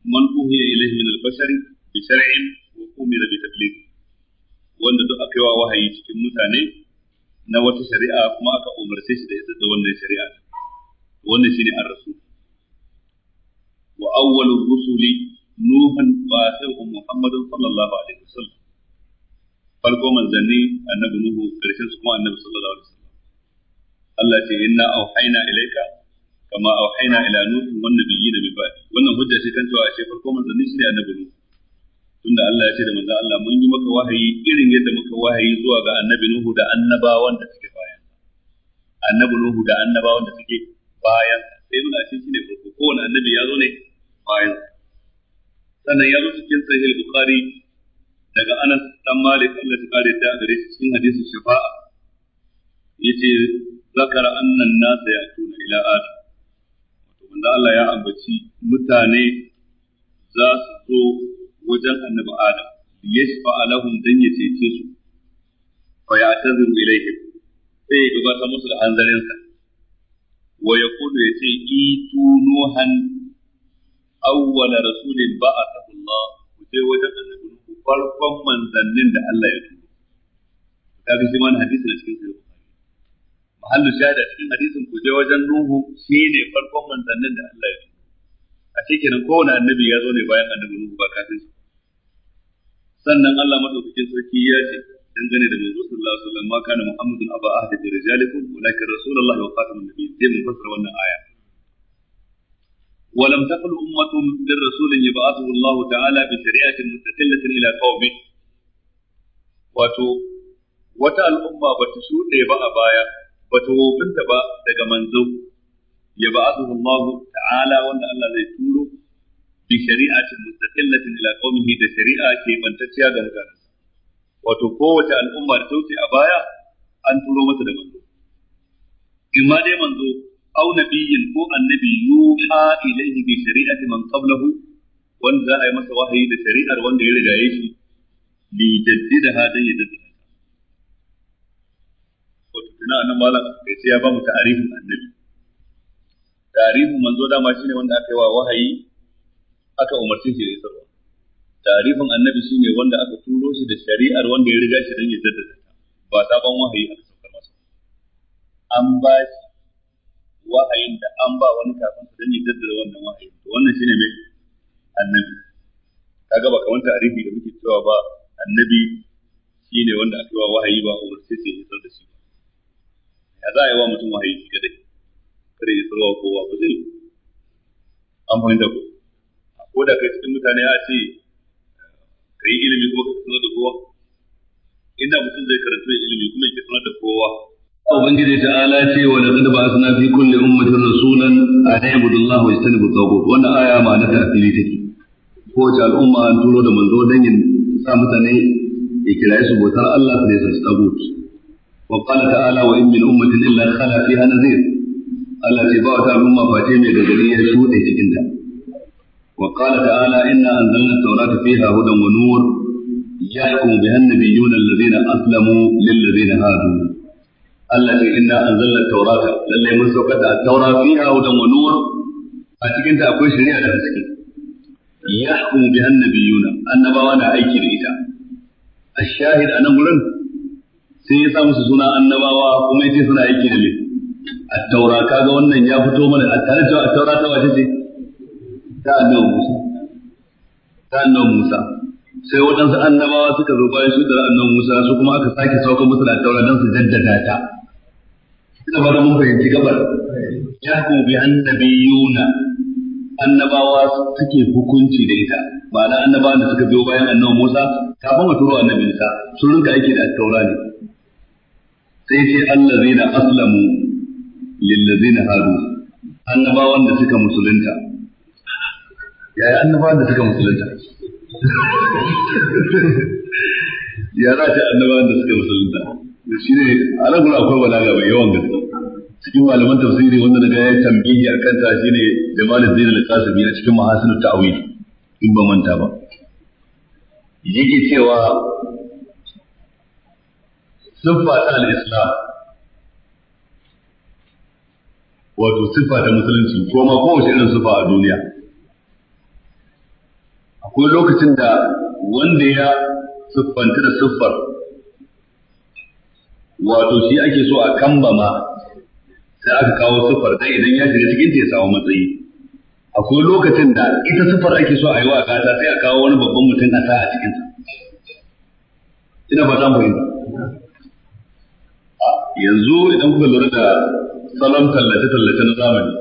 man uhiya ilayhi min al-bashar bi shar'in wa umira bi tabligh wanda duk aka yi wahayi cikin mutane na wata shari'a kuma aka umarce shi da ita da wannan shari'a wannan shine ar-rasul wa awwalur rusuli nuhan wa akhiruhum sallallahu alaihi wasallam farko manzanni annabi nuhu karshen su kuma Allah ce kama a auhayna ila nuhin wan nabiyina min ba'di wannan hujja ce kan cewa ashe farko manzanni ne annabi nuh tunda Allah ya ce da manzon Allah mun yi maka wahayi irin yadda muka wahayi zuwa ga annabi nuhu da annabawan da suke bayan annabi nuhu da annabawan da suke bayan sai mun ashe shine farko kowane annabi ya zo ne bayan sannan ya zo cikin sahih bukhari daga Anas dan Malik Allah ta kare ta gare shi cikin hadisin shafa'a yace zakara annan nasa ya'tuna ila adam wanda Allah ya ambaci mutane za su zo wajen annabi Adam yashfa lahum dan ya cece su fa ya'taziru ilaihim sai ya gabatar musu da hanzarinsa wa yaqulu yace itu nuhan awwala rasulin a Allah ku je wajen annabi farkon manzannin da Allah ya turo fi shi mana hadisi na cikin sahih mahallu shaida, cikin hadisin ku je wajen nuhu shine farkon manzannin da Allah ya yi a cikin nan, kowane annabi ya zo ne bayan annabi nuhu ba kafin sannan Allah madaukakin sarki ya ce dangane da manzo sallallahu alaihi wasallam ma kana muhammadun aba ahdi bi rijalikum walakin rasulullahi wa khatamun nabiy sai mun fassara wannan aya ولم تكن أمة للرسول يبعثه الله تعالى بشريعة مستقلة إلى قومه wato wata al'umma ba ta shuɗe ba a baya bata wofinta ba daga manzo ya ba'athu Allah ta'ala wanda Allah zai turo bi shari'atin mustaqillatin ila qaumihi da shari'a ke bantacciya ga mutanen wato kowace al'umma da tauce a baya an turo mata da manzo in ma dai manzo au nabiyyin ko annabi yuha ilayhi bi shari'ati man qablahu wanda za a yi masa wahayi da shari'ar wanda ya riga shi li jaddidaha dan ya kenan annan malam kai sai ya ba mu ta'arifin annabi ta'arifin manzo dama shine wanda aka yi wa wahayi aka umarci shi da isarwa ta'arifin annabi shine wanda aka turo shi da shari'ar wanda ya riga shi dan ya jaddada ba sabon wahayi aka saukar masa an ba shi wahayin da an ba wani kafin su dan ya jaddada wannan wahayin to wannan shine mai annabi kaga ba kamar ta'arifi da muke cewa ba annabi shine wanda aka yi wa wahayi ba umarci shi ya isar da shi ya za a yi wa mutum wahayi shi kadai kada ya tsarwa kowa ba zai an fahimta ku. ko da kai cikin mutane a ce ka yi ilimi kuma ka sanar da kowa inda mutum zai karanta ilimi kuma ya sanar da kowa Ubangiji ta ala ce wa laqad suna fi kulle ummatin rasulan a ya'budu budullahu wa Sani tawagut wannan aya ma'ana ta asili take ko wace al'umma an turo da manzo don yin sa mutane ya kira su bautar Allah ne su tawagut وقال تعالى وإن من أمة إلا خلا فيها نذير Allah ce ba wata al'umma face mai ya shuɗe cikin ta. Wa qala ta'ala inna anzalna at-taurata fiha hudan wa nur yahkumu biha an-nabiyyuna alladhina aslamu lil ladina hadu. Allah ce inna anzalna at-taurata lalle mun saukar da taura fiha hudan wa a cikin ta da haske. annabawa na aiki da ita. sai ya sa musu suna annabawa kuma yace suna aiki da me A taura kaga wannan ya fito mana a tare da taura ta wace ce ta annabawa Musa ta annabawa Musa sai waɗansu annabawa suka zo bayan da annabawa Musa su kuma aka sake saukar musu da taura don su jaddada ta ina ba da mun fahimci gabar ya ku bi annabiyuna annabawa suke hukunci da ita Ba na annabawan da suka biyo bayan annabawa Musa kafin a turo annabi sun rinka aiki da taura ne sai ce na aslamu na hadu annabawan da suka musulunta yaya annabawan da suka musulunta ya za ce annabawan da suka musulunta shi ne alagun akwai balaga mai yawan gaske cikin malaman tafsiri wanda daga ya tambihi a kanta shi ne jamal zai da kasimi biyar cikin mahasinu ta'awi in ba manta ba yake cewa siffa ta al wato siffa ta musulunci ko ma kowace irin siffa a duniya akwai lokacin da wanda ya siffanta da siffar wato shi ake so a kambama sai aka kawo siffar dai idan ya shiga cikin ya samu matsayi akwai lokacin da ita siffar ake so a yi wa gata sai a kawo wani babban mutum a sa a cikinsa ina ba za mu fahimta yanzu idan kuka lura da salon tallace-tallace na zamani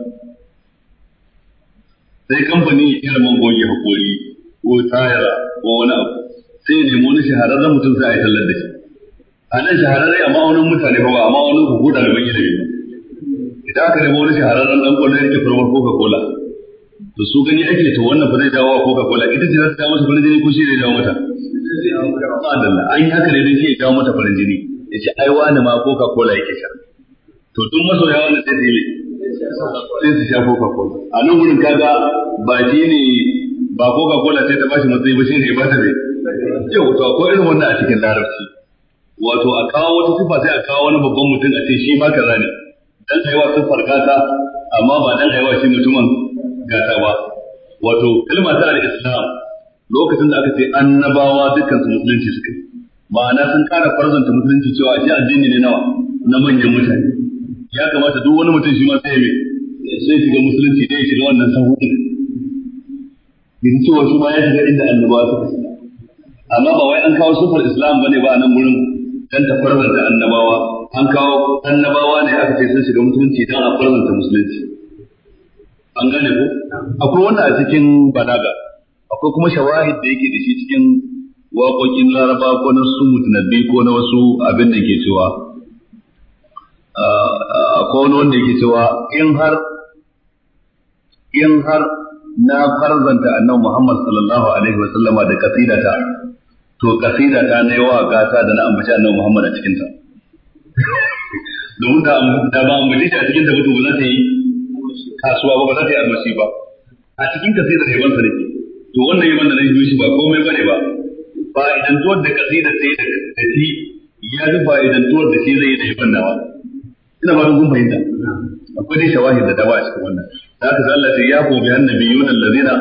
sai kamfani ya kira man goge hakori ko tayara ko wani abu sai ya nemi wani shahararren mutum sai a yi tallar da shi a nan shahararre amma wani mutane ba amma wani hukuda da ban ilimi idan aka nemi wani shahararren dan kwallo ya rike farmar coca cola to su gani ake to wannan fa zai dawo coca cola ita ce za ta dawo masa farin jini ko shi zai dawo mata an yi haka ne don shi ya dawo mata farin jini ya ce ai wani ma koka kola yake sha to duk masoya wani sai da yi sai su sha koka kola. a nan wurin kaga ba shi ne ba koka kola sai ta bashi matsayi ba shi ne ba ta ne yau to akwai irin wannan a cikin larabci wato a kawo wata sifa sai a kawo wani babban mutum a ce shi ma kaza ne dan aiwa siffar gata amma ba dan aiwa shi mutumin gata ba wato kalma ta al-islam lokacin da aka ce annabawa dukkan su musulunci suka yi ma'ana sun kara farzanta musulunci cewa shi addini ne nawa na manyan mutane ya kamata duk wani mutum shi ma sai mai sai shiga musulunci dai shiga wannan sahu din yanzu cewa shi ma ya shiga inda annabawa suka shiga amma ba wai an kawo sufar islam bane ba a nan gurin dan ta farzanta annabawa an kawo annabawa ne aka ce sun shiga musulunci dan a farzanta musulunci an gane ko akwai wannan a cikin balaga akwai kuma shawahid da yake da shi cikin waƙoƙin laraba ko na su mutunabbi ko na wasu abin da ke cewa ko wani wanda ke cewa in har in har na farzanta annan Muhammad sallallahu alaihi wa sallama da kasidata to kasidata na yawa gata da na ambaci annan Muhammad a cikinta. domin da ba ambaci ta a cikin ba, mutum ba za ta yi kasuwa ba ba za ta yi almasi ba a cikin kasidata ban sa ne to wannan yi da na yi shi ba komai ne ba tuwar da da sai da shi ya fi tuwar da shi zai yi da yaban nawa ina ba kun fahimta akwai dai shawahi da dawa a cikin wannan da haka sai Allah ya ko bi na allazina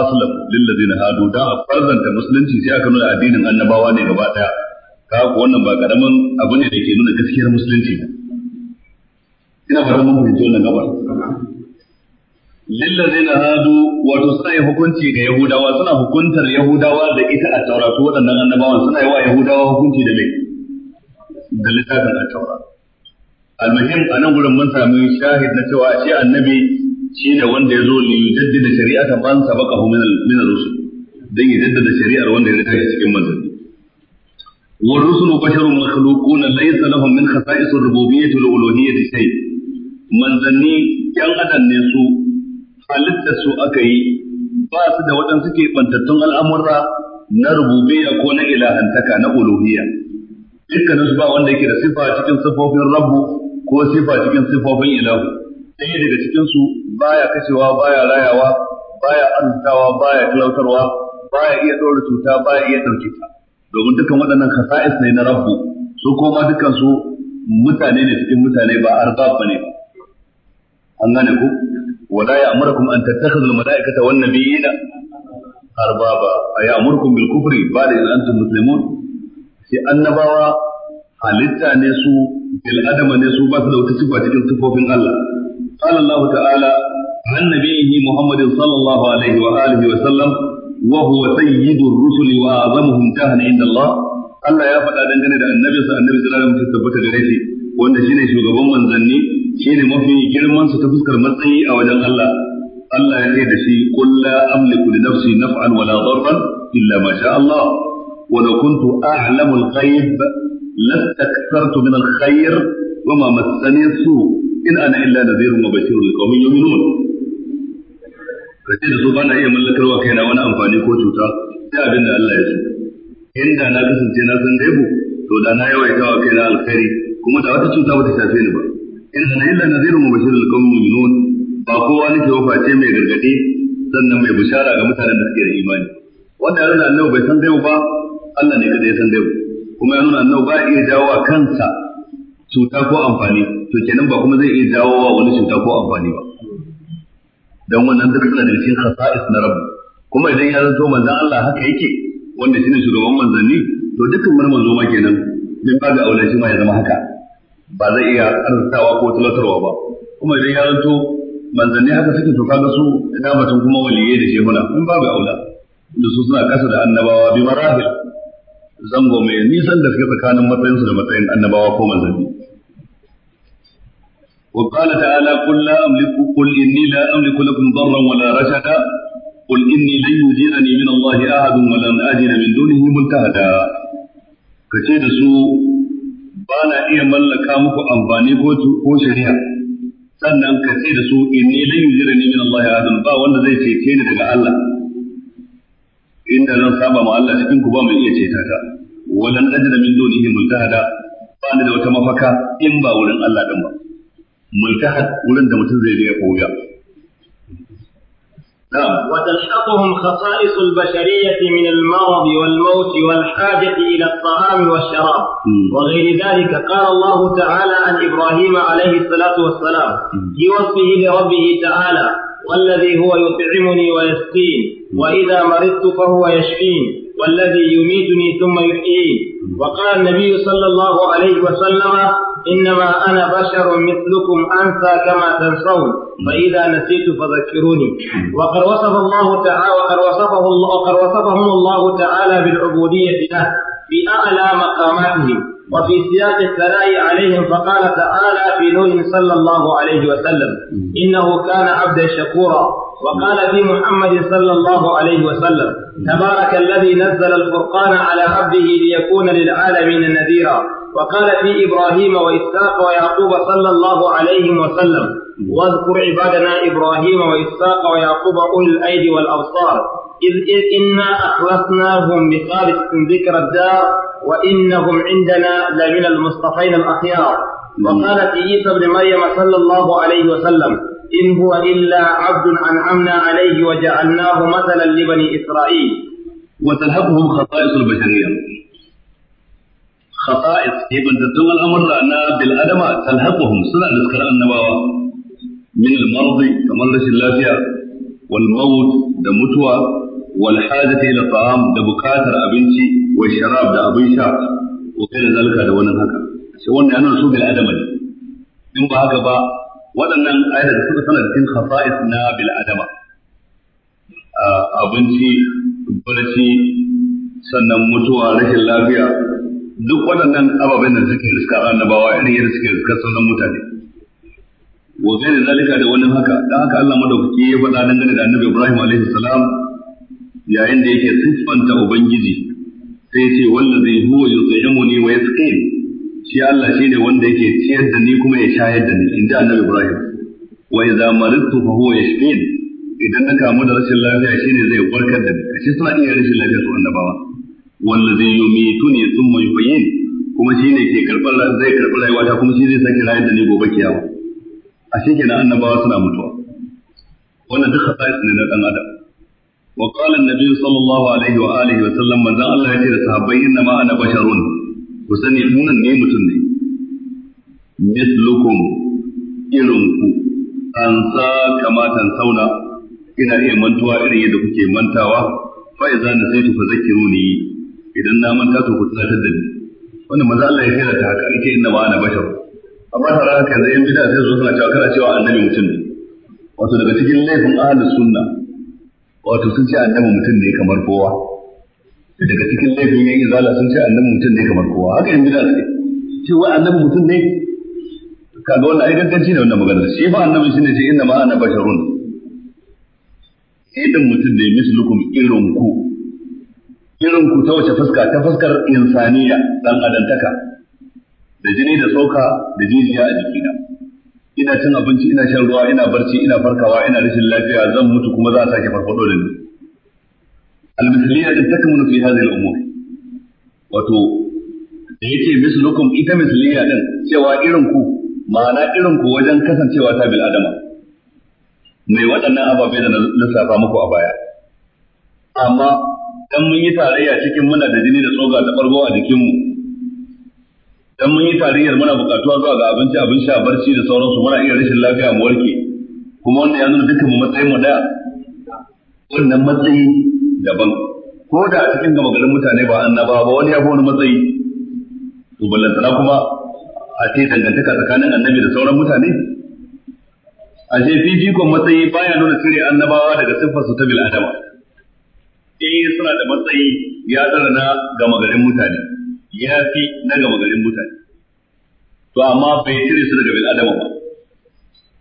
aslam lil ladina hadu da a farzanta musulunci sai aka nuna addinin annabawa ne gaba daya kaga wannan ba karamin abu ne da ke nuna gaskiyar musulunci ba ina ba mun fahimta wannan gabar. lillazina hadu wato suna hukunci ga yahudawa suna hukuntar yahudawa da ita a taura to waɗannan annabawan suna yi wa yahudawa hukunci da mai da littafin a taura almuhim a nan gurin sami shahid na cewa shi annabi shine wanda ya zo li min ya jaddada shari'ar wanda ya cikin manzanni والرسل بشر مخلوقون ليس لهم من خصائص الربوبية والألوهية شيء من ذني كان أدن su. halitta su aka yi ba su da waɗansu ke bantattun al'amurra na rububiyya ko na ilahantaka na uluhiyya dukkanin su ba wanda yake da sifa cikin sifofin rabbu ko sifa cikin sifofin ilahu ɗaya daga cikin su baya kashewa baya rayawa baya arzutawa baya talautarwa baya iya ɗora cuta baya iya ɗauke ta domin dukkan waɗannan kasa'is ne na rabbu su koma dukkan su mutane ne cikin mutane ba ba ne. an gane ku ولا يأمركم أن تتخذوا الملائكة والنبيين أربابا أيأمركم بالكفر بعد إن أنتم مسلمون sai annabawa halitta ne su bil'adama ne su ba su da wata cikin sifofin Allah قال الله تعالى عن نبيه محمد صلى الله عليه وآله وسلم وهو سيد الرسل وأعظمهم جاها عند الله Allah ya faɗa dangane da annabinsa annabi sallallahu alaihi wasallam tabbata gare shi ne shugaban manzanni shine mafi girman su ta fuskar matsayi a wajen Allah Allah ya ce da shi qul la amliku li nafsi naf'an wala darran illa ma sha Allah wa law kuntu a'lamu al-ghaib lastaktartu min al-khair wa ma massani su in ana illa nadhirun wa bashirun liqaumin yu'minun kace da su na iya mallakarwa kaina wani amfani ko cuta sai abin da Allah ya so inda na kasance na san gaibu to da na yawaita wa kaina alkhairi kuma da wata cuta ba ta shafe ni ba in ana illa nazirun wa bashirul yu'minun mu'minun ba kowa nake wafa ce mai gargadi sannan mai bushara ga mutanen da suke da imani wannan yana annabi bai san dai ba Allah ne kada ya san dai kuma ya nuna annabi ba iya jawo kansa cuta ko amfani to kenan ba kuma zai iya jawo wa wani cuta ko amfani ba dan wannan duk suna da cikin khasa'is na rabu kuma idan ya zanto manzon Allah haka yake wanda shine shugaban manzanni to dukkan manzo ma kenan din ba ga aulashi ma ya zama haka ba zai iya arzikawa ko talatarwa ba kuma idan ya zanto manzanni haka suke to kaga su damacin kuma waliyai da shehuna in babu aula da su suna kasa da annabawa bi marahil zango mai nisan da suke tsakanin matsayinsu da matsayin annabawa ko manzanni وقال تعالى قل لا أملك قل إني لا أملك لكم ضرا ولا رشدا قل إني لن يجيرني من الله أحد ولن أجد من دونه ملتهدا كتير سوء ba na iya mallaka muku amfani ko shari'a sannan ka ce da su inni lan yujirani min Allah ahadun ba wanda zai cece ni daga Allah inda zan saba ma Allah cikin ku ba mai iya ceta ta walan ajra min dunihi multahada ba ni da wata mafaka in ba wurin Allah din ba multahad wurin da mutum zai riya koya نعم. وتلحقهم خصائص البشرية من المرض والموت والحاجة إلى الطعام والشراب وغير ذلك قال الله تعالى عن إبراهيم عليه الصلاة والسلام في وصفه لربه تعالى والذي هو يطعمني ويسقين وإذا مرضت فهو يشفين والذي يميتني ثم يحيين وقال النبي صلى الله عليه وسلم إنما أنا بشر مثلكم أنسى كما تنسون فإذا نسيت فذكروني وقد وصف الله تعالى وقد وصفه الله وقد وصفهم الله تعالى بالعبودية له في أعلى مقاماته وفي سياق الثناء عليهم فقال تعالى في نوح صلى الله عليه وسلم إنه كان عبدا شكورا وقال في محمد صلى الله عليه وسلم تبارك الذي نزل الفرقان على عبده ليكون للعالمين نذيرا وقال في إبراهيم وإسحاق ويعقوب صلى الله عليه وسلم واذكر عبادنا إبراهيم وإسحاق ويعقوب أولي الأيدي والأبصار إذ إنا أخلصناهم بخالص ذكر الدار وإنهم عندنا لمن المصطفين الأخيار وقال في عيسى ابن مريم صلى الله عليه وسلم in huwa illa abdun an'amna alayhi wa ja'alnahu mathalan li bani isra'il wa talhaquhum khata'is al-bashariyya khata'is ibn tatum al-amr anna bil adama talhaquhum sana al-iskara an-nabawa min kamar rashin lafiya wal maut da mutuwa wal hajati ila ta'am da bukatar abinci wa sharab da abin sha ko da zalka da wannan haka sai wannan yana so bil adama in ba haka ba waɗannan ayar da suka sanar cikin khasa'is na bil adama abinci barci sannan mutuwa rashin lafiya duk waɗannan ababen da suke riska bawa irin yadda suke riska sauran mutane wa gani zalika da wani haka da haka Allah madaukaki ya faɗa dangane da annabi Ibrahim alaihi salam yayin da yake siffanta ubangiji sai ce wallazi huwa yut'imuni wa yasqini shi Allah shine wanda yake ciyar da ni kuma ya shayar da ni inda annabi Ibrahim wa idza maridtu fa huwa yashfin idan na kamu da rashin lafiya shine zai warkar da ni shi suna iya rashin lafiya su annabawa wallazi yumituni thumma yuhyin kuma shine ke karbar zai karbi rayuwa ta kuma shi zai sake rayar da ni gobe A ashe kenan annabawa suna mutuwa wannan duk khasa'is ne na dan adam sallallahu وقال النبي صلى الله عليه وآله وسلم من ذا الله يتير صحابي إنما أنا بشرون ku sani munan ne mutum ne mislukum irin ku an sa kamatan sauna ina iya mantuwa irin yadda kuke mantawa fa idza nasaitu fa ni idan na manta to ku tunatar da ni wannan maza Allah ya kira ta haka ake inna ma ana bashar amma tare haka zai yan bid'a sai zo suna cewa kana cewa annabi mutum ne wato daga cikin laifin ahlus sunna wato sun ce annabi mutum ne kamar kowa daga cikin laifin yan izala sun ce annabi mutum ne kamar kowa haka yin bid'a ce ce wai annabi mutum ne kaga wannan ai ganganci ne wannan magana, shi fa annabi shine ce inna ma ana basharun idan mutum ne mislukum irin ku irin ku ta wace fuska ta fuskar insaniya dan adantaka da jini da tsoka da jijiya a jikina ina cin abinci ina shan ruwa ina barci ina farkawa ina rashin lafiya zan mutu kuma za a sake farfado da ni المثلية تكمن في هذه الأمور wato da مثلكم mislukum ita لن سوى cewa irin ku ma'ana irin ku wajen تاب ta bil adama mai waɗannan ababe da na lissafa muku a baya amma dan mun yi tarayya cikin muna da jini da tsoga da jikinmu dan mun yi tarayyar muna bukatuwa zuwa ga abinci abin sha barci da sauransu muna iya rashin lafiya mu warke kuma wannan ya nuna dukkan mu matsayin mu da wannan matsayi daban ko da a cikin gama garin mutane ba an ba wani ya fi wani matsayi to ballantana kuma a ce dangantaka tsakanin annabi da sauran mutane a ce fifikon matsayi baya nuna cire annabawa daga siffar su ta bil adama eh suna da matsayi ya tsara na gama garin mutane ya fi na gama garin mutane to amma bai cire su daga bil adama ba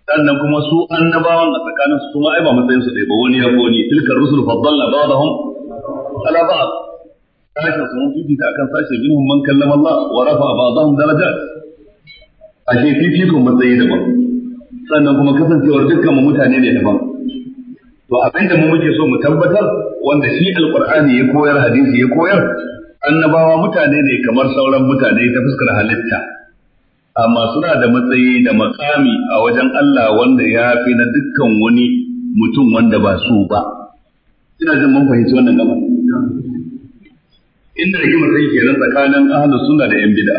sannan kuma su annabawan a tsakanin su kuma ai ba matsayin su dai ba wani ya ko ni tilkar rusul faddalna ba'dahum ala ba'd sashen su mun fifita akan sashe minhum man kallama Allah wa rafa'a ba'dahum darajat ashe fifikon matsayi daban sannan kuma kasancewar dukkan mu mutane ne daban to abinda mu muke so mu tabbatar wanda shi alqur'ani ya koyar hadisi ya koyar annabawa mutane ne kamar sauran mutane ta fuskar halitta amma suna da matsayi da makami a wajen Allah wanda ya fi na dukkan wani mutum wanda ba su ba ina jin mun fahimci wannan gaba inda rigimar sai kenan tsakanin ahlus suna da yan bid'a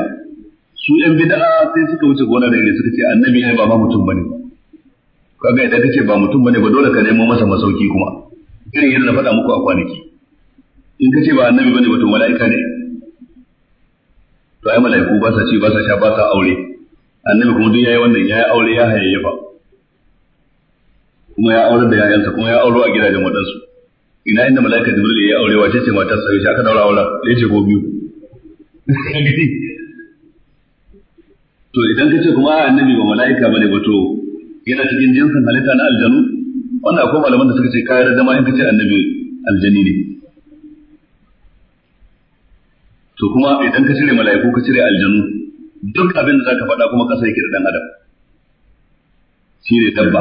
su yan bid'a sai suka wuce gona da gari suka ce annabi ya ba ma mutum bane kaga idan kace ba mutum bane ba dole ka nemo masa masauki kuma irin yadda na faɗa muku a kwanaki in kace ba annabi bane ba to mala'ika ne to ai mala'iku ba sa ci ba sa sha ba sa aure annabi kuma duk yayi wannan yayi aure ya hayayyafa kuma ya aure da yayansa kuma ya auro a gidajen waɗansu ina inda mala'ika jibril ya aure wace ce mata sai shi, aka daura aure da yace ko biyu to idan ka ce kuma annabi ba mala'ika bane ba to yana cikin jinsin halitta na aljanu wannan akwai malaman da suka ce kayar da ma in ka ce annabi aljani ne to kuma idan ka cire mala'iku ka cire aljanu duk abin da zaka faɗa kuma kasa yake da dan adam shi ne dabba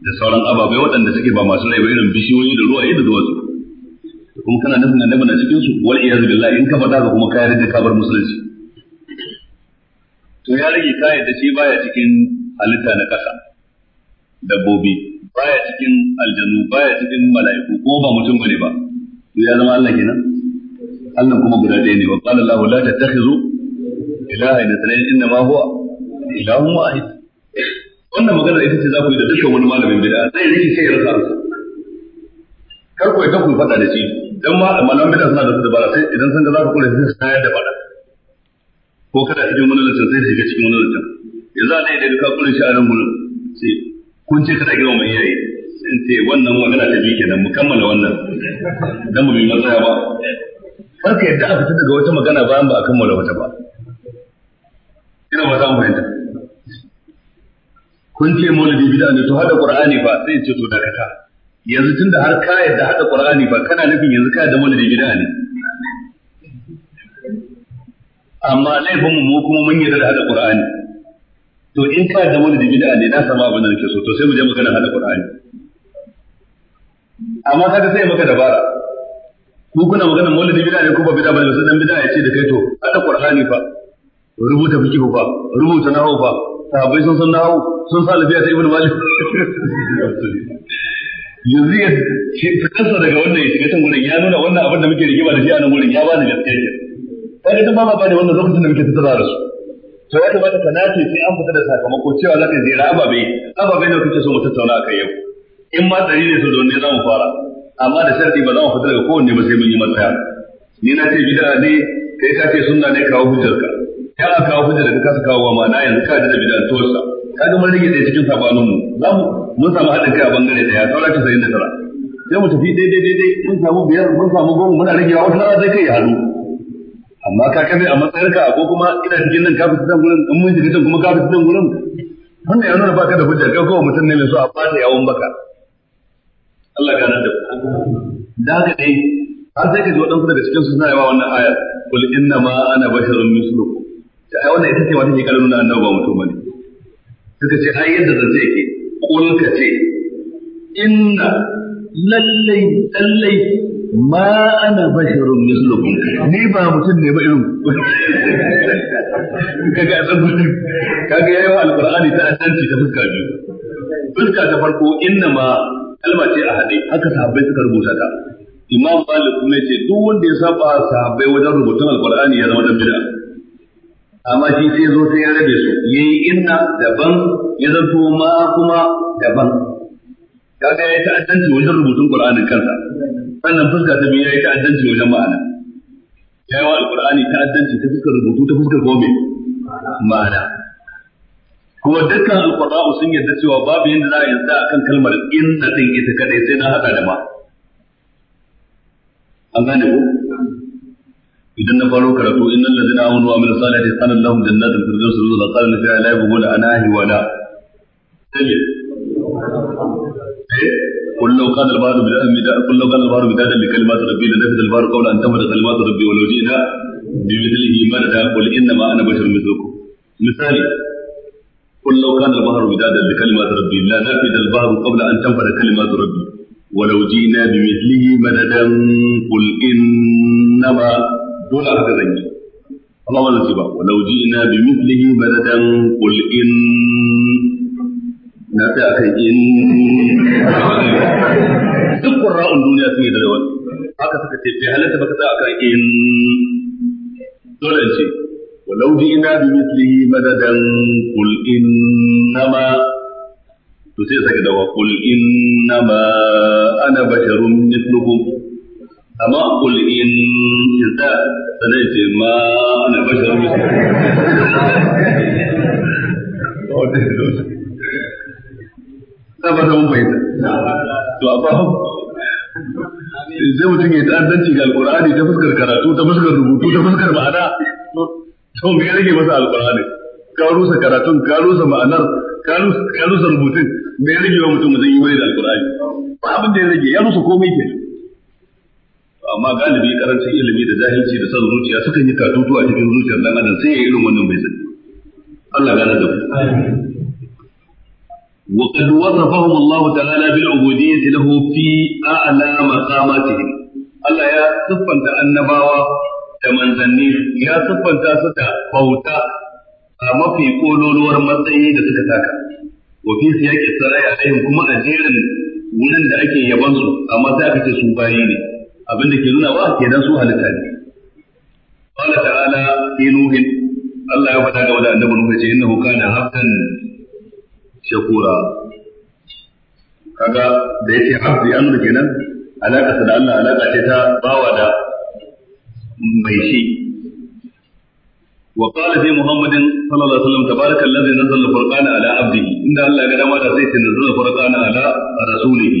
da sauran ababai waɗanda suke ba masu rai ba irin bishiyoyi da ruwa da duwatsu kuma kana nufin annabi na cikin su wal iyaz billahi in ka faɗa ka kuma ka yarda ka bar musulunci to ya rage ka yarda shi baya cikin halitta na ƙasa dabbobi baya cikin aljanu baya cikin mala'iku ko ba mutum bane ba to ya zama Allah kenan Allah kuma guda ɗaya ne wa qala Allahu la tattakhizu ilaha ina sanin inna ma huwa ilahun wahid wannan magana ita ce za ku yi da dukkan wani malamin bid'a sai rike sai ya rasa ansa kar ku yi ta ku faɗa da shi dan ma malamin bid'a suna da su dabara sai idan sun ga za ku kula sai su tayar da faɗa ko kada cikin wani lantar sai shiga cikin wani lantar yanzu a ɗaya daga ka kula shi a nan gurin sai kun ce kada girma mai yayi in ce wannan magana ta bi kenan mu kammala wannan dan mu bi matsaya ba kar ka yadda aka fita daga wata magana bayan ba a kammala wata ba ina ba za mu yanda kun ce maulidi bid'a ne to hada qur'ani ba sai ce to dakata yanzu tunda har ka yadda hada qur'ani ba kana nufin yanzu ka yadda maulidi bid'a ne amma laifin mu kuma mun yadda da hada qur'ani to in ka yadda maulidi bid'a ne na sama abin da nake so to sai mu je magana hada qur'ani amma kaga sai maka dabara ku kuna magana maulidi bid'a ne ko ba bid'a ba sai dan bid'a ya ce da kai to hada qur'ani fa rubuta fiqh ba rubuta nahwu ba sahabbai sun san nahwu sun sa alfiya ta ibnu malik yanzu ya kasa daga wannan ya shiga can gurin ya nuna wannan abin da muke rigima da shi a nan gurin ya bani gaskiya ke kaga dan ba ma bani wannan lokacin da muke tattara da su to ya kamata ka nace sai an fita da sakamako cewa za ka zira ababe ababe ne kake so mu tattauna akai yau in ma dari ne to don ne za mu fara amma da sharti ba za mu fita daga kowanne ba sai mun yi matsaya ni na ce bid'a ne kai ka ce sunna ne kawo hujjarka ya aka kawo hujja da ka kasa kawo wa ma'ana yanzu ka da bid'a to sa kaga mun rage da cikin sabanin mu za mu mun samu haɗin kai a bangare daya saura ta sayin da tara sai mu tafi daidai daidai mun samu biyar mun samu goma muna rage wa wata zai kai halu amma ka kafe a matsayar ka ko kuma ina cikin nan kafin nan gurin in mun shiga can kuma kafin nan gurin wannan ya nuna baka da hujja kai kawai mutum ne mai so a bata yawon baka Allah nan da da haka dai har sai ka ji waɗansu daga cikin su suna yawa wannan ayar kul inna ma ana basharun mislukum ta ai wannan ita ce wata ke kalin nuna annabi ba mutum bane suka ce ai yadda zance yake kul ka ce inna lallai lallai ma ana basharun mislukum ni ba mutum ne ba irin kaga a san mutum kaga yayi wa alqur'ani ta asanci ta fuska biyu fuska ta farko inna ma kalma ce a hade haka sahabbai suka rubuta ta imam malik kuma ce duk wanda ya saba sahabbai wajen rubutun alqur'ani ya zama dan amma shi sai zo sai ya rabe su yayi inna daban ya zanto ma kuma daban kaga ya ta'addanci wajen rubutun Qur'anin kansa sannan fuska ta biyu ya ta'addanci wajen ma'ana ya yi wa alkur'ani ta'addanci ta fuskar rubutu ta fuskar gome ma'ana kuma dukkan alqur'a'u sun yarda cewa babu yadda za a yarda akan kalmar inna din ita kadai sai na hada da ma an gane ko idan na faro karatu innal ladina amanu wa amilus salihati sanallahum jannatul firdaus nuzula qalan fiha la yabghuna anahi wala sai قل لو كان البحر مدادا قل لو كان البحر مدادا لكلمات ربي لنفذ البحر قبل ان تنفذ كلمات ربي ولو جئنا بمثله مردا قل انما انا بشر مثلكم مثالي قل لو كان البحر مدادا لكلمات ربي لا نفذ البحر قبل ان تنفذ كلمات ربي ولو جئنا بمثله مددا قل انما dole haka zan yi amma ba zan ce ba walau ji'na bi mithlihi baladan qul in na ta akan in duk qurra'un duniya sun yi da rawan haka suka ce bai halatta baka sa akan in dole in ce walau ji'na bi mithlihi baladan qul innama to sai saka dawa qul innama ana basharun mithlukum amma kul in kinta sanai ce ma ana bashar musu ta ba ta mun bayyana to sai mutum ya ta'addanci ga alkur'ani ta fuskar karatu ta fuskar rubutu ta fuskar ma'ana to me masa alkur'ani ka rusa karatun ka rusa ma'anar ka rusa rubutun me wa mutum zai yi da alkur'ani ba abin da ya rage ya rusa komai kenan amma galibi karancin ilimi da jahilci da san zuciya sukan yi katutu a cikin zuciyar dan adam sai ya irin wannan bai sani Allah gane da ku wa qad wasafahum Allah ta'ala bil ubudiyyah lahu fi a'la maqamatihim Allah ya siffanta annabawa da manzanni ya siffanta su da bauta a mafi kololuwar matsayi da suka taka wa fi siyaqi sarai alaihim kuma a jerin wurin da ake yabansu amma sai aka ce su bayi ne abinda ke nuna ba kenan su halitta ne qala ta'ala inuhin Allah ya faɗa game da annabi Nuhu ce innahu kana habdan shakura kaga da yace habbi an da kenan alaka da Allah alaka ce ta bawa da mai shi وقال في محمد صلى الله عليه وسلم تبارك الذي نزل الفرقان على عبده ان الله قد ما نزل الفرقان على رسوله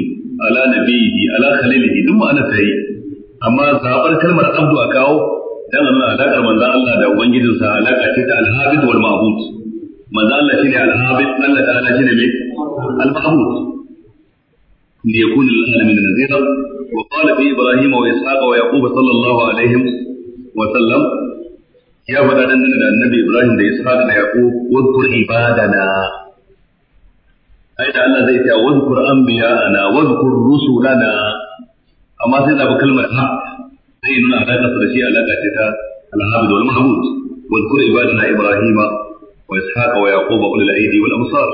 على نبيه على خليله ثم انا سيد amma zabar kalmar abdu a kawo dan Allah alakar manzon Allah da ubangijinsa alaka ce ta al-habid wal ma'bud manzon Allah shine al-habid Allah ta'ala shine me al wa ليكون للعالمين نذيرا وقال في ابراهيم واسحاق sallallahu alaihi wa sallam? Ya يا بدر da annabi Ibrahim da Ishaq da Yaqub wadkur ibadana ai da Allah zai ce wadkur anbiya'ana wadkur rusulana amma sai da kalmar na zai nuna alaƙa da shi alaƙa ce ta alhamdu wal mahmud wal ibada na ibrahima wa ishaqa wa yaquba ulul aidi wal amsar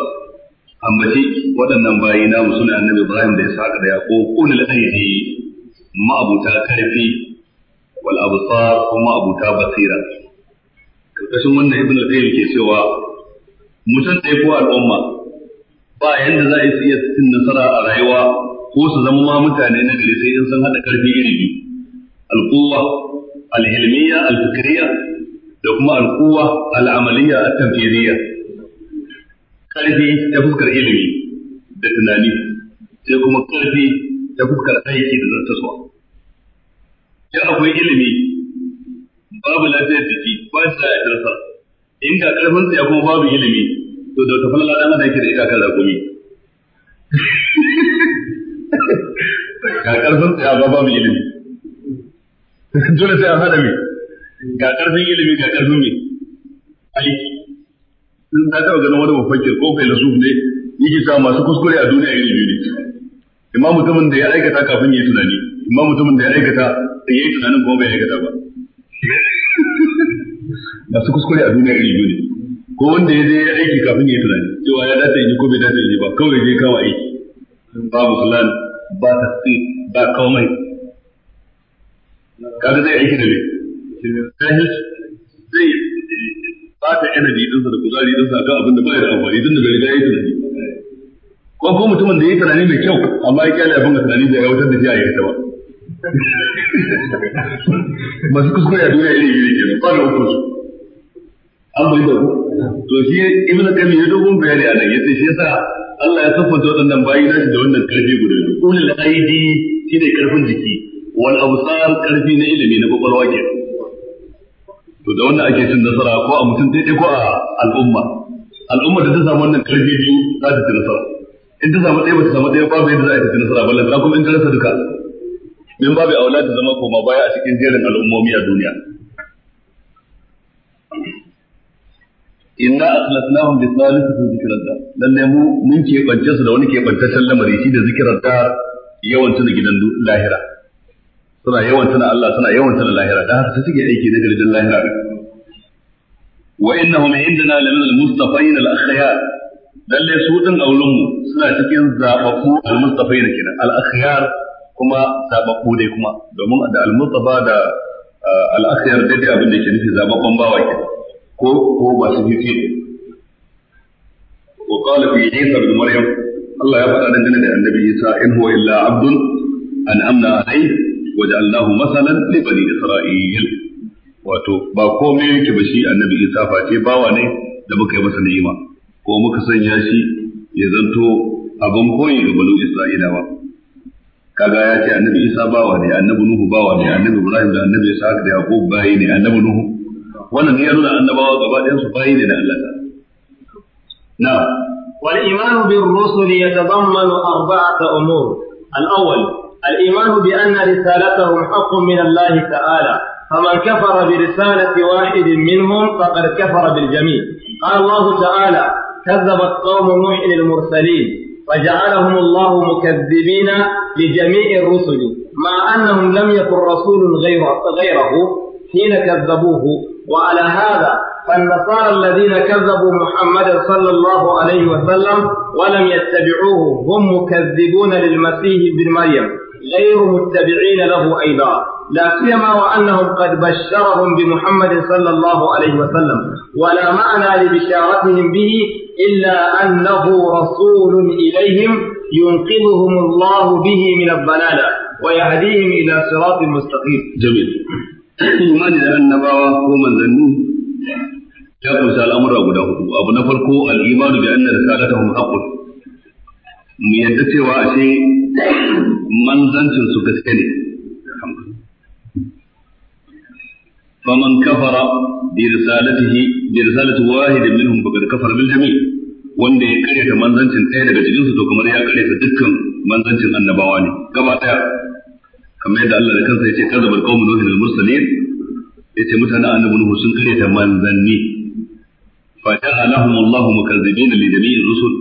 amma shi waɗannan bayi namu suna annabi ibrahim da ishaqa da yaqub ulul aidi ma'abuta karfi wal absar kuma abuta basira karkashin wannan ibn al-qayyim ke cewa mutum da ya al'umma ba yadda za a iya cin nasara a rayuwa ko su zama ma mutane na gari sai in sun hada karfi iri biyu alquwa alhilmiya alfikriya da kuma alquwa al'amaliya at-tanfidiyya karfi ta fuskar ilimi da tunani sai kuma karfi ta fuskar aiki da zartaswa ya akwai ilimi babu lafiyar jiki ba sa ya darsa in ga karfin ya kuma babu ilimi to da ta falala dan adam yake da ita kan zakumi ga ba ilimi dole sai ga ilimi ga aiki sun ta ganin wani mafakir ko ne yake masu kuskure a duniya iri ne imam mutumin da ya aikata kafin ya yi tunani imam mutumin da ya aikata ya yi tunanin kuma bai aikata ba masu kuskure a duniya ne ko wanda ya je ya aiki kafin ya yi tunani cewa ya dace ko bai dace ba kawai zai kama aiki ba tasqi ba komai kaga zai aiki da ne jahil zai ba ta energy din da kuzari din sa ga abin da ba ya da amfani din da bai riga yayi tunani ko ko mutumin da yayi tunani mai kyau amma ya kyale abin da tunani da ya wutar da shi a yayin ta ba masu kuskure a duniya iri iri kenan ba da hukunci an bai da to shi ibnu kayyim ya dogon bayani a nan yace shi yasa Allah ya siffanta waɗannan bayi nashi da wannan karfi guda biyu ulul aidi shine ƙarfin jiki wal absar ƙarfi na ilimi na ƙwaƙwalwa ke to da wannan ake cin nasara ko a mutum daidai ko a al'umma al'umma da ta samu wannan karfi biyu za ta ci nasara in ta samu ɗaya ba ta samu ɗaya babu yadda za a ci nasara ballan kuma in ta rasa duka min babu aula ta zama koma baya a cikin jerin al'ummomi a duniya inna akhlasnahum bi thalithati dhikrar da, lalle mu mun ke bance su da wani ke bantaccen lamari shi da zikirar da yawan tuna gidan lahira suna yawan tuna Allah suna yawan tuna lahira da haka suke aiki na gidan lahira wa innahum indana lamin al-mustafain al-akhyar lalle su din aulun mu suna cikin zababbu al-mustafain kenan al-akhyar kuma zababbu dai kuma domin da al da ah, al dai abin da ke nufi zababban bawa kenan ko ko ba su fi wa qala fi isa ibn maryam Allah ya faɗa dangane da annabi isa in huwa illa abdun an amna alayhi wa ja'alnahu masalan li bani isra'il wato ba komai yake ba shi annabi isa face bawa ne da muka yi masa ni'ima ko muka sanya shi ya zanto abin koyi ga banu isra'ilawa kaga ya ce annabi isa bawa ne annabi nuhu bawa ne annabi ibrahim da annabi isa da yaqub bayi ne annabi nuhu wannan ya nuna annabawa gaba ɗayan su bayi ne da Allah ta. Na. Wal imanu bin rusuli ya tazammanu arba'ata umur. Al'awwal, al imanu bi anna risalatahum haqqun min Allah ta'ala. فمن كفر برسالة واحد منهم فقد كفر بالجميع قال الله تعالى كذبت قوم نوح المرسلين فجعلهم الله مكذبين لجميع الرسل مع أنهم لم يكن رسول غيره, غيره حين كذبوه وعلى هذا فالنصارى الذين كذبوا محمدا صلى الله عليه وسلم ولم يتبعوه هم مكذبون للمسيح بن مريم غير متبعين له أيضا لا سيما وأنهم قد بشرهم بمحمد صلى الله عليه وسلم ولا معنى لبشارتهم به إلا أنه رسول إليهم ينقذهم الله به من الضلالة ويهديهم إلى صراط مستقيم جميل imani da annabawa ko manzanni ya kunshi al'amura guda hudu abu na farko al'imanu bi anna risalatahum haqqun mu yadda cewa ashe manzancin su gaske ne faman wanda ya karyata manzancin ɗaya daga cikin to kamar ya karyata dukkan annabawa ne gaba ɗaya kamar yadda Allah da kansa yace kazabar qaumun nuhin al mursalin yace mutanen annabi nuhu sun kare ta manzanni fa ja'alahum Allahu mukazzibin li jami'ir rusul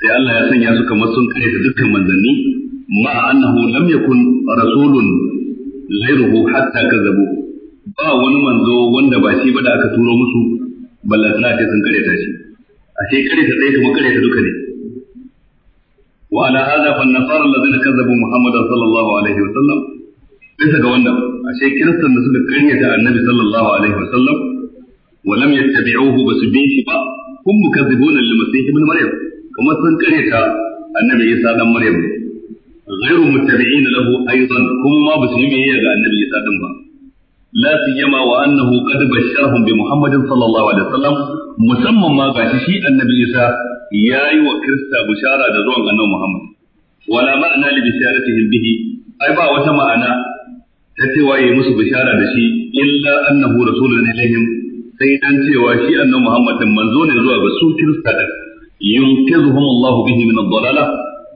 sai Allah ya sanya su kamar sun kare ta dukkan manzanni ma annahu lam yakun rasulun ghayruhu hatta kazabu ba wani manzo wanda ba shi ba da aka turo musu ballantana ce sun kare ta shi a sai kare ta ɗaya kuma kare ta duka ne وعلى هذا فالنصارى الذين كذبوا محمدا صلى الله عليه وسلم bisa ga wannan ashe kiristan da suka karyata annabi sallallahu alaihi wasallam wa lam yattabi'uhu basu bi shi ba kun mukazzibuna lil masih ibn maryam kuma sun karyata annabi isa dan maryam ghayru muttabi'in lahu aidan kuma ma basu yi biyayya ga annabi isa din ba la siyama wa annahu qad basharahum bi muhammadin sallallahu alaihi wasallam musamman ma ga shi annabi isa yayi wa kirista bishara da zuwan annabi muhammad wala bihi ai ba wata ma'ana ta cewa yi musu bishara da shi illa annahu rasulun ilaihim sai dan cewa shi annabi Muhammad din manzo ne zuwa ga su kirista din yunkizuhum Allah bihi min ad-dalala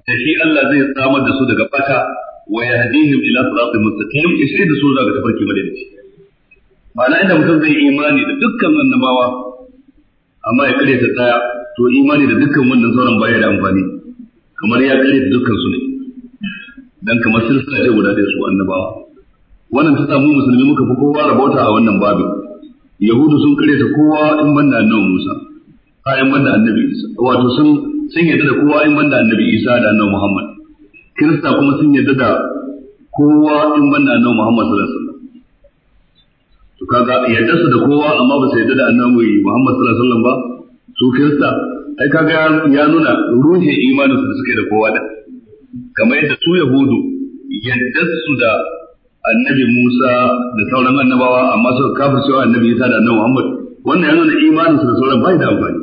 da shi Allah zai samar da su daga bata wa yahdihim ila siratin mustaqim shi da su zuwa tafarki madaidaici ma'ana inda mutum zai imani da dukkan annabawa amma ya kare ta tsaya to imani da dukkan wannan sauran baya da amfani kamar ya kare dukkan su ne dan kamar silsila ce guda da su annabawa wannan ta samu musulmi muka fi kowa rabauta a wannan babin yahudu sun kare ta kowa in banda annabi musa a in banda annabi isa wato sun sun yarda da kowa in banda annabi isa da annabi muhammad kirista kuma sun yarda da kowa in banda annabi muhammad sallallahu alaihi wasallam to kaga yarda su da kowa amma ba su yarda da annabi muhammad sallallahu alaihi wasallam ba su kirista ai kaga ya nuna ruhin imanin su da suke da kowa da kamar yadda su yahudu yadda su da annabi Musa da sauran annabawa amma suka kafircewa annabi Isa da annabi Muhammad wannan yana da imanin su da sauran bai da amfani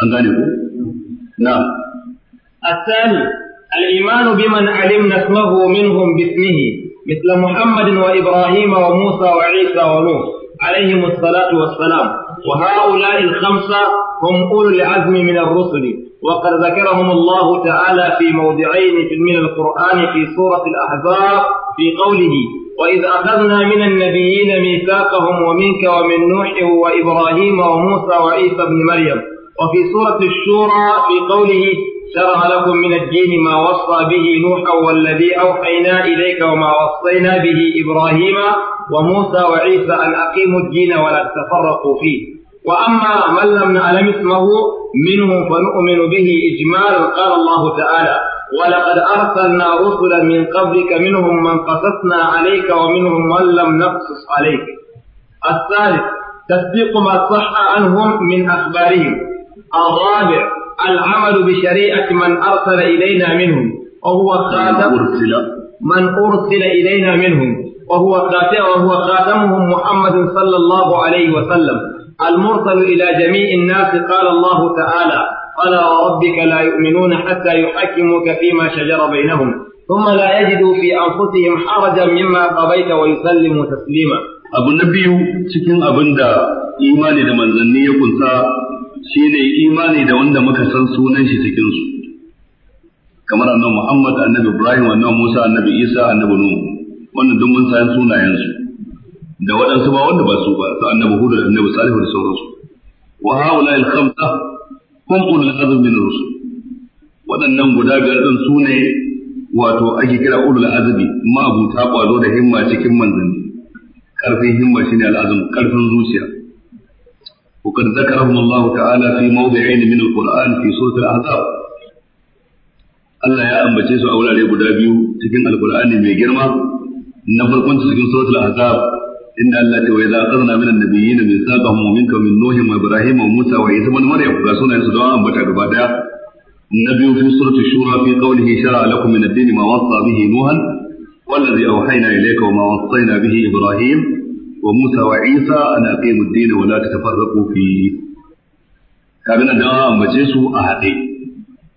an gane ko na الثاني الإيمان بمن علمنا اسمه منهم باسمه مثل محمد وإبراهيم وموسى وعيسى ونوح عليهم الصلاة والسلام وهؤلاء الخمسة هم أولو العزم من الرسل وقد ذكرهم الله تعالى في موضعين من القرآن في سورة الأحزاب في قوله وإذ أخذنا من النبيين ميثاقهم ومنك ومن نوح وإبراهيم وموسى وعيسى بن مريم وفي سورة الشورى في قوله شرع لكم من الدين ما وصى به نوح والذي أوحينا إليك وما وصينا به إبراهيم وموسى وعيسى أن أقيموا الدين ولا تفرقوا فيه وأما من لم نعلم اسمه منه فنؤمن به إجمالا قال الله تعالى ولقد أرسلنا رسلا من قبلك منهم من قصصنا عليك ومنهم من لم نقصص عليك الثالث تصديق ما صح عنهم من أخبارهم الرابع العمل بشريعة من أرسل إلينا منهم وهو خاتم من أرسل إلينا منهم وهو خاتم وهو خاتمهم محمد صلى الله عليه وسلم المرسل إلى جميع الناس قال الله تعالى فلا وربك لا يؤمنون حتى يحكموك فيما شجر بينهم ثم لا يجدوا في أنفسهم حرجا مما قضيت ويسلموا تسليما abu na biyu cikin abin da imani da manzanni ya kunsa shine imani da wanda muka san sunan shi cikin su kamar annabi Muhammad annabi Ibrahim annabi Musa annabi Isa annabi Nuh wannan duk da waɗansu ba wanda ba su ba su annabi hudu da annabi salihu da sauransu wa haula al khamsa hum ulul azm min rusul waɗannan guda biyar din su ne wato ake kira ulul azmi ma'abuta kwazo da himma cikin manzanni karfin himma shine al azm karfin zuciya وقد ذكرهم الله تعالى في موضعين من القرآن في سورة الأحزاب Allah ya ambace su a wurare guda biyu cikin Alƙur'ani mai girma na farkon cikin suratul Ahzab إن الله وإذا أخذنا من النبيين ميثاقهم ومنك من نوح وإبراهيم وموسى وعيسى بن مريم قاسونا يسدعاء أنبتا قبادا النبي في سورة الشورى في قوله شرع لكم من الدين ما وصى به نوحا والذي أوحينا إليك وما وصينا به إبراهيم وموسى وعيسى أن أقيموا الدين ولا تتفرقوا فيه كابنا دعاء أنبتسوا أهدي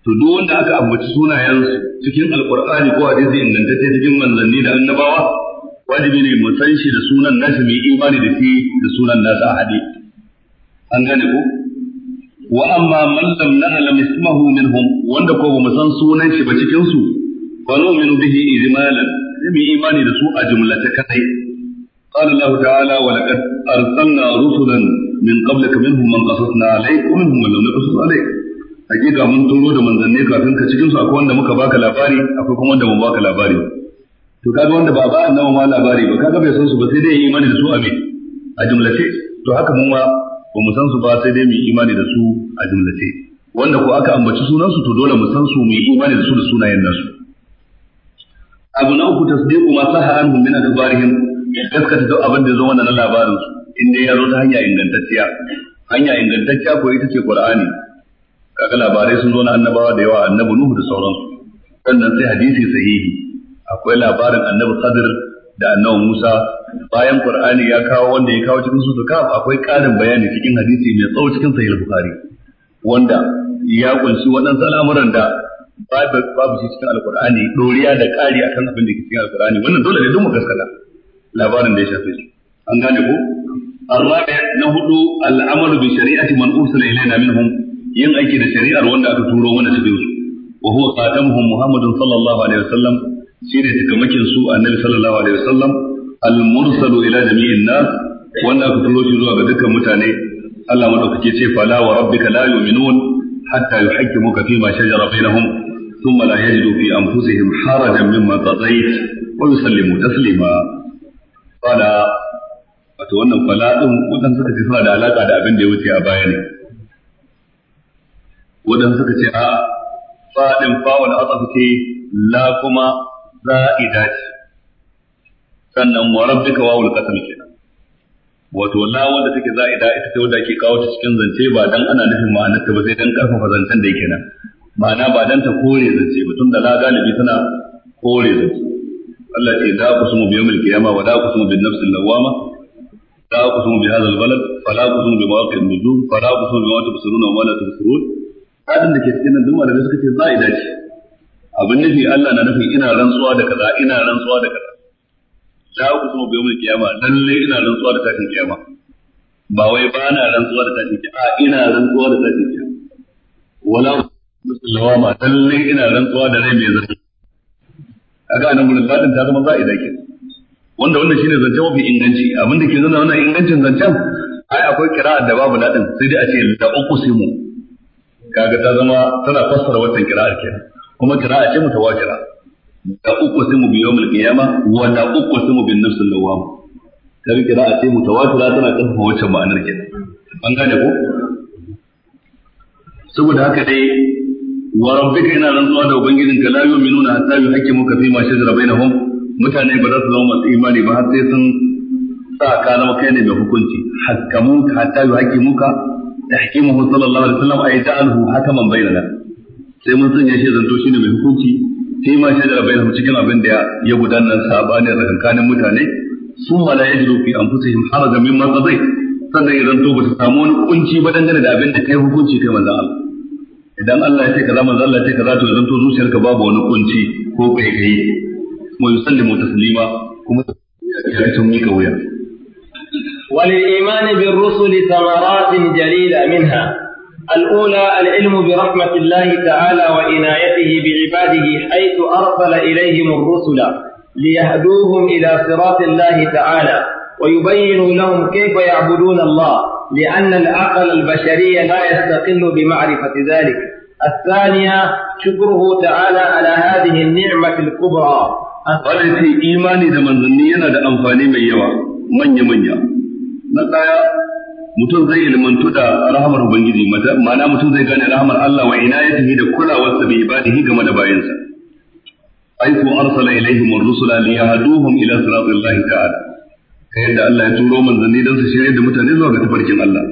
تدون أكا أنبتسونا ينسوا cikin alkur'ani ko hadisi ingantacce cikin manzanni da annabawa wajibi ne mu san shi da sunan nasa mai imani da shi da sunan nasa a hade an gane ko wa amma man lam na'lam ismahu minhum wanda ko mu san sunan shi ba cikin su fa nu'minu bihi ijmalan sai mu imani da su a jumlata kai قال الله تعالى ولقد أرسلنا رسلا من قبلك منهم من قصصنا عليك ومنهم من لم نقصص عليك hakika mun turo da manzanni kafin ka cikin su akwai wanda muka baka labari akwai kuma wanda ba baka labari to kaga wanda ba ba annabi ma labari ba kaga bai san su ba sai dai imani da su a me a jumlace to haka mun ma ba mu san su ba sai dai mu imani da su a jumlace wanda ko aka ambaci sunan su to dole mu san su mu imani da su da sunayen nasu abu na uku tasdiqu ma saha anhum min akbarihim gaskata duk abin da ya zo wannan na labarin su inda ya zo ta hanya ingantacciya hanya ingantacciya ko ita ce qur'ani kaga labarai sun zo na annabawa da yawa annabi nuhu da sauransu sannan sai hadisi sahihi akwai labarin annabi Khadir da annabi Musa bayan Qur'ani ya kawo wanda ya kawo cikin sura Kaf akwai ƙarin bayani cikin hadisi mai tsawo cikin Sahih Bukhari wanda ya kunshi waɗansu al'amuran da babu shi cikin Alƙur'ani doriya da ƙari akan abin da ke cikin Alƙur'ani wannan dole ne duk mu gaskata labarin da ya shafe su an gane ko الرابع نهض العمل بشريعة من أرسل إلينا منهم ين أيكي شريعة وأن أتتورو وأن تبيوزو وهو خاتمهم محمد صلى الله عليه وسلم shine tukamakin su annabi sallallahu alaihi wasallam al-mursalu ila jami'in nas wanda aka turo shi zuwa ga dukkan mutane Allah madaukake ce fala wa rabbika la yu'minun hatta yuhaqqimuka fi ma shajara bainahum thumma la yajidu fi anfusihim harajan mimma qadayt wa yusallimu taslima fala wato wannan fala din wadan suka ce suna da alaka da abin da ya wuce a baya ne wadan suka ce a fadin fa wal atafi la kuma za'idati sannan wa rabbika wawul qasam kenan wato la wanda take za'ida ita ce wanda ke kawo ta cikin zance ba dan ana nufin ma'anar ta ba sai dan karfafa zancen da yake nan ma'ana ba dan ta kore zance ba tunda la galibi tana kore zance Allah ce da ku sumu biyawmil qiyama wa da ku sumu bin nafsil lawama da ku sumu bi hadha albalad la ku sumu bi mawaqi'in nujum la ku sumu bi ma tubsiruna wa ma la tubsirun hadin da ke cikin nan duk wanda suka ce za'ida ce abin nufi Allah na nufin ina rantsuwa da kaza ina rantsuwa da kaza Za ku kuma bai mun kiyama lalle ina rantsuwa da tashin kiyama ba wai ba na rantsuwa da tashin kiyama ina rantsuwa da tashin kiyama wala musallawa ma lalle ina rantsuwa da rai mai zafi kaga anan mun ladin ta zama za'ida ke wanda wannan shine zance mafi inganci abin da ke nuna wannan ingancin zancen ai akwai kira'a da babu ladin sai dai a ce la uqsimu kaga ta zama tana fassara wannan kira'ar kenan kuma kira'a ce mutawatira da uku sai mu biyo mul qiyama wa da uku sai mu bin nafsul lawam kar kira'a ce mutawatira tana karfafa wacce ma'anar kenan an gane ko saboda haka dai wa rabbika ina rantsuwa da ubangijinka la yu'minuna hatta yuhaqqimuka fi ma shajara bainahum mutane ba za su zama masu imani ba har sai sun sa ka zama kai ne mai hukunci hakkamun hatta yuhaqqimuka tahkimuhu sallallahu alaihi wasallam ay ta'alhu hakaman bainana sai mun sanya shi zanto shi ne mai hukunci sai ma shi da bayan cikin abin da ya gudanar sabanin tsakankanin mutane su mala yajidu fi anfusihim harajan mimma qadai sannan ya zanto ba su samu wani kunci ba dangane da abin da kai hukunci kai manzon Allah idan Allah ya ce kaza manzon Allah ya ce kaza to ya zanto zuciyarka babu wani kunci ko kai kai mu yusallimu taslima kuma ya tun mika wuya وللإيمان بالرسل ثمرات جليلة منها الأولى العلم برحمة الله تعالى وعنايته بعباده حيث أرسل إليهم الرسل ليهدوهم إلى صراط الله تعالى ويبين لهم كيف يعبدون الله لأن العقل البشري لا يستقل بمعرفة ذلك الثانية شكره تعالى على هذه النعمة الكبرى التي إيماني دمان ذنينا دا أنفاني من يوا من يمن يا نتايا mutum zai ilmantu da rahamar ubangiji ma'ana mutum zai gane rahamar Allah wa inayatihi da kulawarsa bi ibadihi game da bayansa ai ko arsala ilaihim ar-rusula liyahduhum ila siratil lahi ta'ala kai yadda Allah ya turo manzanni dan su shirye da mutane zuwa ga tafarkin Allah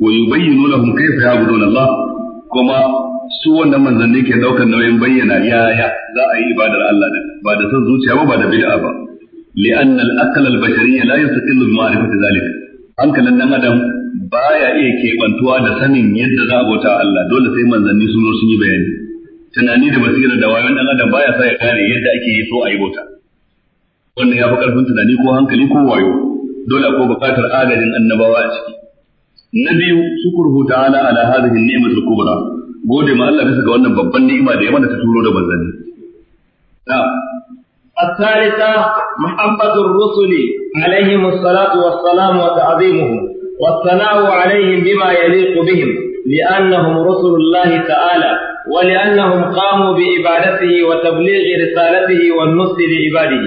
wa yubayyinu lahum kayfa ya'buduna Allah kuma su wannan manzanni ke daukar nauyin bayyana yaya za a yi ibadar Allah din ba da san zuciya ba ba da bid'a ba li'anna al-aql al-bashariyya la yastaqillu bi ma'rifati dhalika hankalin ɗan adam ba ya iya kebantuwa da sanin yadda za a bauta Allah dole sai manzanni sun sun yi bayani tunani da basirar da wayo dan adam baya sa ya gane yadda ake yi so a yi bauta wannan ya fi karfin tunani ko hankali ko wayo dole akwai buƙatar agajin annabawa a ciki na biyu shukruhu ta'ala ala hadhihi ni'matul kubra gode ma Allah bisa ga wannan babban ni'ima da ya mana ta turo da manzanni الثالثة محبة الرسل عليهم الصلاة والسلام وتعظيمهم والثناء عليهم بما يليق بهم لأنهم رسل الله تعالى ولأنهم قاموا بإبادته وتبليغ رسالته والنصح لعباده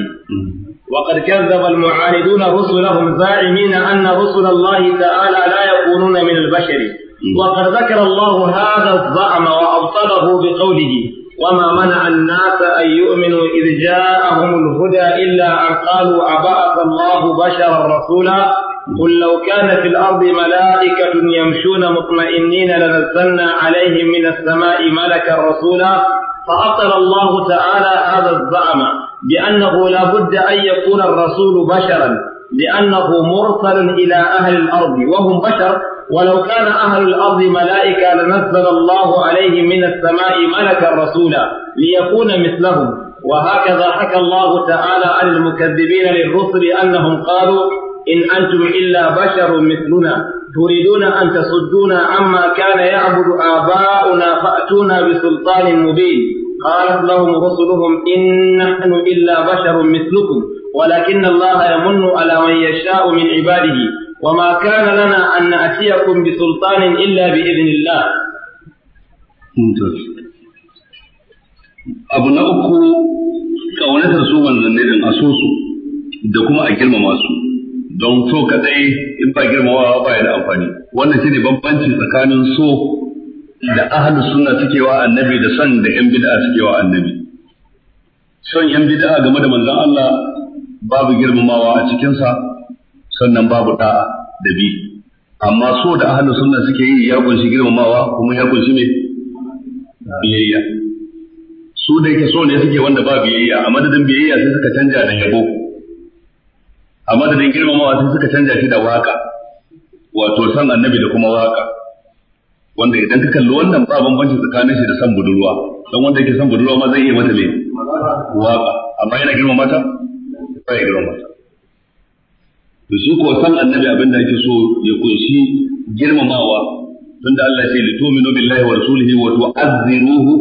وقد كذب المعاندون رسلهم زاعمين أن رسل الله تعالى لا يكونون من البشر وقد ذكر الله هذا الزعم وأبطله بقوله وما منع الناس أن يؤمنوا إذ جاءهم الهدى إلا أن قالوا أبعث الله بشرا رسولا قل لو كان في الأرض ملائكة يمشون مطمئنين لنزلنا عليهم من السماء ملكا رسولا فأقر الله تعالى هذا الزعم بأنه لا بد أن يكون الرسول بشرا لأنه مرسل إلى أهل الأرض وهم بشر ولو كان أهل الأرض ملائكة لنزل الله عليهم من السماء ملكا رسولا ليكون مثلهم وهكذا حكى الله تعالى عن المكذبين للرسل أنهم قالوا إن أنتم إلا بشر مثلنا تريدون أن تصدونا عما كان يعبد آباؤنا فأتونا بسلطان مبين قالت لهم رسلهم إن نحن إلا بشر مثلكم ولكن الله يمن على من يشاء من عباده وما كان لنا أن نأتيكم بسلطان إلا بإذن الله abu na uku ƙaunatar su manzanni din a so su da kuma a girmama su don so kadai in ba girmamawa ba ya da amfani wannan shine bambanci tsakanin so da ahlu sunna suke wa annabi da son da yan bid'a suke wa annabi son yan bid'a game da manzon Allah babu girmamawa a cikinsa sannan babu da da bi amma so da ahli sunna suke yi ya kunshi girmamawa kuma ya kunshi ne biyayya su da yake so ne suke wanda ba biyayya a madadin biyayya sai suka canja da yabo a madadin girmamawa sai suka canja shi da waka wato san annabi da kuma waka wanda idan ka kalli wannan ba bambanci tsakanin shi da san budurwa dan wanda yake san budurwa ma zai iya mata ne? waka amma yana girmama mata bai girmama mata to shi ko san annabi abin da yake so ya kunshi girmamawa tunda Allah sai litu'minu billahi wa rasulihi wa tu'azziruhu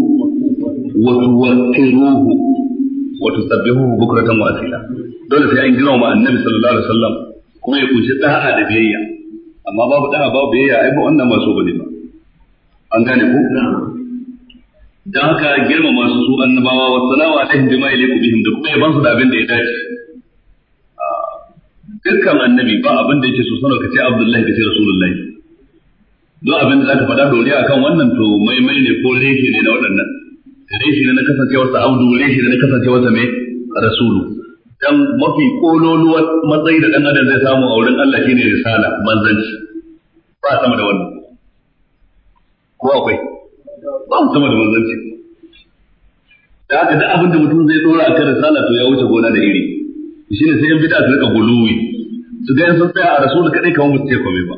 wa tuwaqqiruhu wa tusabbihuhu bukratan wa asila dole sai an girmama annabi sallallahu alaihi wasallam kuma ya kunshi da'a da biyayya amma babu da'a babu biyayya ai ba wannan ba so bane ba an gane ko dan haka girmama su annabawa wa salawa alaihim bima ilaykum bihim da kuma su da abin da ya dace dukkan annabi ba abin da yake so sanar ka ce Abdullahi ka ce Rasulullahi don abin da zaka faɗa dole akan wannan to maimai ne ko reshe ne na waɗannan reshe ne na kasancewarsa abdu reshe ne na kasancewarsa mai rasulu dan mafi kololuwar matsayi da dan adam zai samu a wurin Allah shine risala manzanci ba sama da wannan ko akwai ba sama da manzanci da haka da abin da mutum zai dora kan risala to ya wuce gona da iri ne sai in bid'a su rika guluwi su ga sun tsaya a rasul kadai kamar musu ce komai ba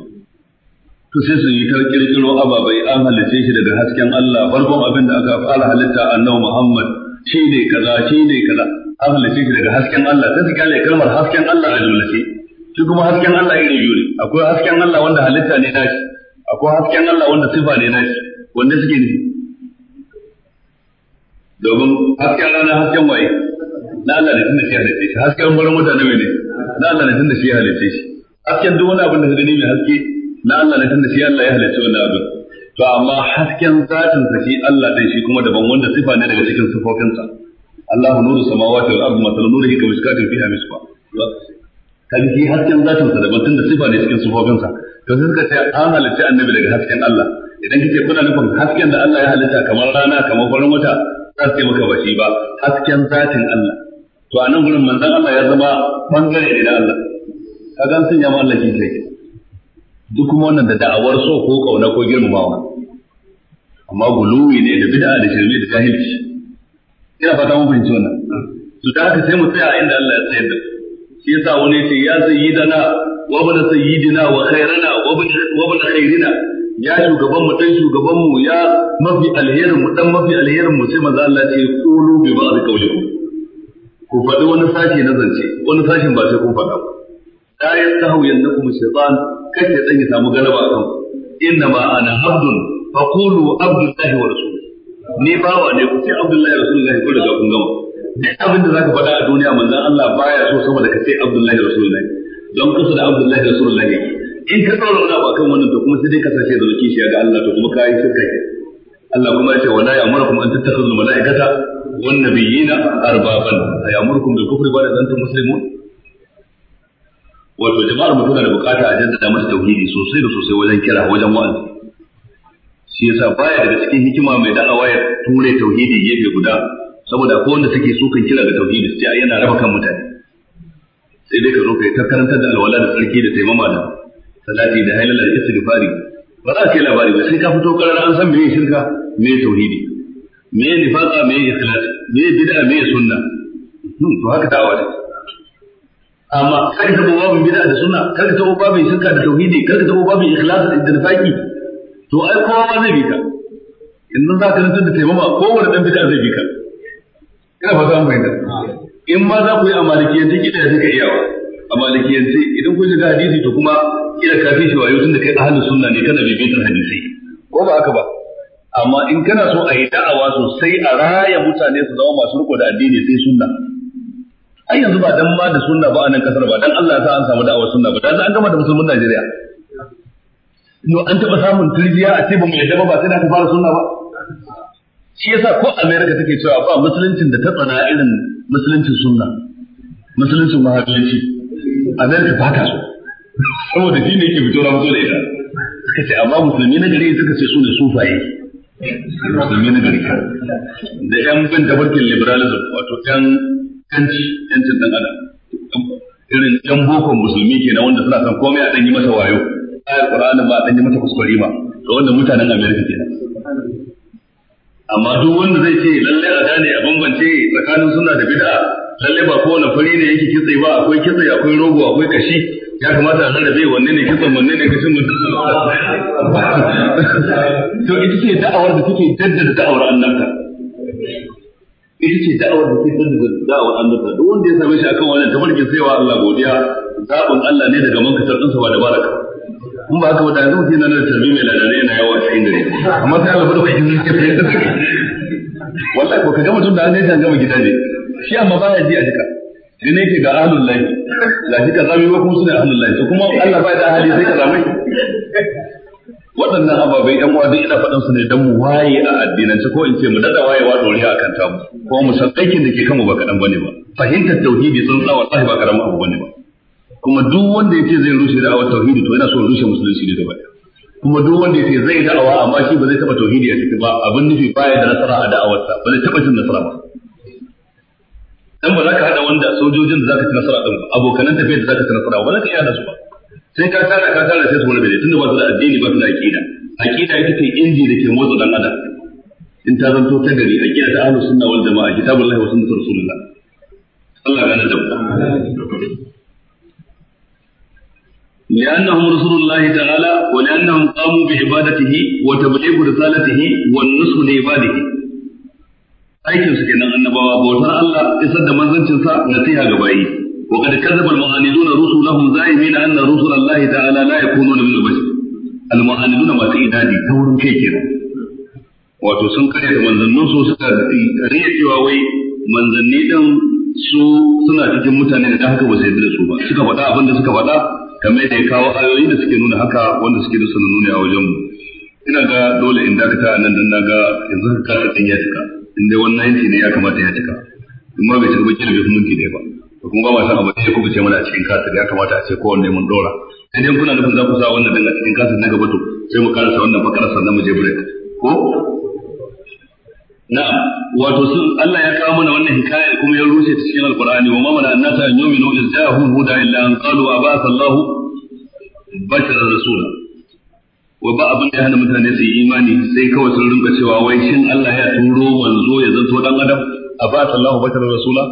to sai su yi ta kirkiro ababai an halice shi daga hasken Allah farkon abin da aka fara halitta annabi Muhammad shi ne kaza shi ne kaza an halice shi daga hasken Allah sai su kyale kalmar hasken Allah a jumlace shi kuma hasken Allah iri biyu akwai hasken Allah wanda halitta ne nashi akwai hasken Allah wanda sifa ne nashi wanda suke ne domin hasken rana hasken waye na Allah ne tunda shi halitta shi hasken barin wata mai ne na Allah ne tunda shi halitta shi hasken duk wani abin da ka gani mai haske na Allah ne tunda shi Allah ya halitta wannan abin to amma hasken zatin sa shi Allah dai shi kuma daban wanda sifa ne daga cikin sufofinsa. Allahu nuru samawati wal ardi matal nurihi ka miskatin fiha misbah kan shi hasken zatin sa daban tunda sifa ne cikin sufofinsa, to sai suka ce an halitta annabi daga hasken Allah idan kike kuna nufin hasken da Allah ya halitta kamar rana kamar farin wata za su maka ba shi ba hasken zatin Allah to a nan gurin manzan Allah ya zama bangare ne na Allah ka an sanya ma Allah kai duk kuma wannan da da'awar so ko kauna ko girmamawa amma guluwi ne da bid'a da shirme da jahilci ina fata mun fahimci wannan to da haka sai mu tsaya inda Allah ya tsaya da shi yasa wani ce ya sayyidana wa bana sayyidina wa khairana wa bana khairina ya shugaban mu dan shugaban mu ya mafi alherin mu dan mafi alherin mu sai manzo Allah ya ce qulu bi ba'd qawlikum ku faɗi wani sashi na zance wani sashin ba sai kun faɗa ba la yastahu yannakum shaytan kace dan ya samu galaba akan inna ma ana abdun fa qulu abdullahi wa rasuluhu ni bawa ne ku ce abdullahi wa rasulullahi ku daga kun gama duk abin da zaka faɗa a duniya manzon Allah baya so sama da kace abdullahi wa rasulullahi don kasa da abdullahi wa rasulullahi in ka tsara wani abu akan wannan to kuma sai dai ka sace da zuciya ga Allah to kuma kai shirka Allah kuma ya ce wala ya'murukum an tattakhudhu al-mala'ikata والنبيين أربابا أيامركم بالكفر بعد أن أنتم مسلمون wato jama'ar mu tana da bukata a jaddada masa tauhidi sosai da sosai wajen kira wajen wa'azi shi yasa baya daga cikin hikima mai da'awa ya ture tauhidi gefe guda saboda ko wanda suke so kan kira ga tauhidi sai yana raba kan mutane sai dai ka zo kai ta karantar da alwala da sarki da taimama da salati da halal da istighfari ba za ka yi labari ba sai ka fito karara an san meye shirka me tauhidi me nifaqa me ikhlas me bid'a me sunna mun hmm, to haka dawa ne amma kai ka babu babin bid'a da sunna kai ka babu babin shirka da tauhidi kai ka babu babin ikhlas da nifaqi to ai kowa ma zai bika? in nan za ka rantar da taimama kowane dan bid'a zai bika. Kana ina fata mun bayyana in ma za ku yi yanzu kida da suka iyawa yanzu idan kun shiga hadisi to kuma kila kafin shi wayo tun da kai ahlus sunna ne kana bibin hadisi ko ba aka ba amma in kana so a yi da'awa sosai a raya mutane su zama masu riko da addini sai sunna ai yanzu ba dan ma da sunna ba a nan kasar ba dan Allah ya sa an samu da'awar sunna ba dan an gama da musulmin Najeriya no an taba samun tarbiya a ce mai jama'a ba sai da ka fara sunna ba shi yasa ko America take cewa ba musuluncin da ta tsana irin musuluncin sunna musuluncin wahabiyanci America ba ta so saboda shi ne yake fito na fito da ita suka ce amma musulmi na gari suka ce su ne sufaye da musulmi na gari da yan bin tafarkin liberalism wato yan yanci yancin dan adam irin yan bokon musulmi ke na wanda suna son komai a dan yi masa wayo ayar qur'ani ba a dan yi masa kuskure ba to wanda mutanen america kenan amma duk wanda zai ce lalle a gane a bambance tsakanin suna da bid'a lalle ba kowane fari ne yake kitse ba akwai kitse akwai rogo akwai kashi ya kamata a rarrabe wanne ne kisan wanne ne kashin wanne to ita ce da'awar da take jaddada da'awar annabta ita ce da'awar da take jaddada da'awar annabta duk wanda ya same shi akan wannan tabarkin sai wa Allah godiya zaɓin Allah ne daga mankatar ɗinsa ba da baraka in ba haka ba da yanzu mutum yana da tarbi mai ladane yana yawa a cikin gari amma sai Allah bada bakin zuciya ta da wallahi ko ka ga mutum da an ne gama gida ne shi amma baya ji a jika gane ke ga ahlul lahi la shi kaza mai kuma suna ahlul lahi to kuma Allah bai da ahli sai kaza mai waɗannan ababai ɗan uwa duk ina faɗan su ne dan mu waye a addinance ko in ce mu dada wayewa doriya akan ta mu ko mu san aikin da ke kanmu ba kaɗan bane ba fahimtar tauhidi sun tsawa wallahi ba karamin abu bane ba kuma duk wanda yake zai rushe da'awar tauhidi to yana so rushe musulunci ne gaba ɗaya kuma duk wanda yake zai da'awa amma shi ba zai taɓa tauhidi a ciki ba abin nufi baya da nasara a da'awarsa ba zai taɓa jin nasara ba dan ba za ka haɗa wanda sojojin da za ka ci nasara din ba abokanan tafiyar da za ka ci nasara ba za ka iya hada su ba sai ka tsara ka tara sai su wani bai tunda ba su da addini ba su da aqida aqida ita ce inji da ke motsa dan adam in ta zanto ta gari aqida ta ahlus sunna wal jamaa kitabullahi wa sunnatu rasulullah Allah gane da mu لأنهم رسول الله تعالى ولأنهم قاموا بعبادته وتبليغ رسالته والنصح لعباده aikin su kenan annabawa bautar Allah isar da manzancin sa nasiha ga bayi wa kad kadzaba al-mu'aniduna rusulahum zaimina anna rusulallahi ta'ala la yakununa min al-bashar al-mu'aniduna ma ta idadi ta wurin kai kenan wato sun kare da manzannin su suka riya cewa wai manzanni din su suna cikin mutane da haka ba sai da su ba suka faɗa abin da suka faɗa kamar da ya kawo ayoyi da suke nuna haka wanda suke da sunan nuni a wajen mu ina ga dole in dakata nan dan naga yanzu ka kasa ya cika in dai wannan yanki ne ya kamata ya cika in bai cika da bai minti ne ba to kuma ba san abu ne kuma ce mana a cikin kasar ya kamata a ce ko wanne mun dora sai dai kuna nufin za ku sa wannan din a cikin kasar na gaba to sai mu karasa wannan fakarar sannan mu je break ko na'am wato sun Allah ya kawo mana wannan hikaya kuma ya rushe ta cikin alqur'ani wa ma mana annasa yu'minu iz ja'ahum huda illa an qalu abasa Allah bashara rasula wa ba abin da ya hana mutane su yi imani sai kawai sun rinka cewa wai shin Allah ya turo manzo ya zanto dan adam a ba ta Allahu bakar rasula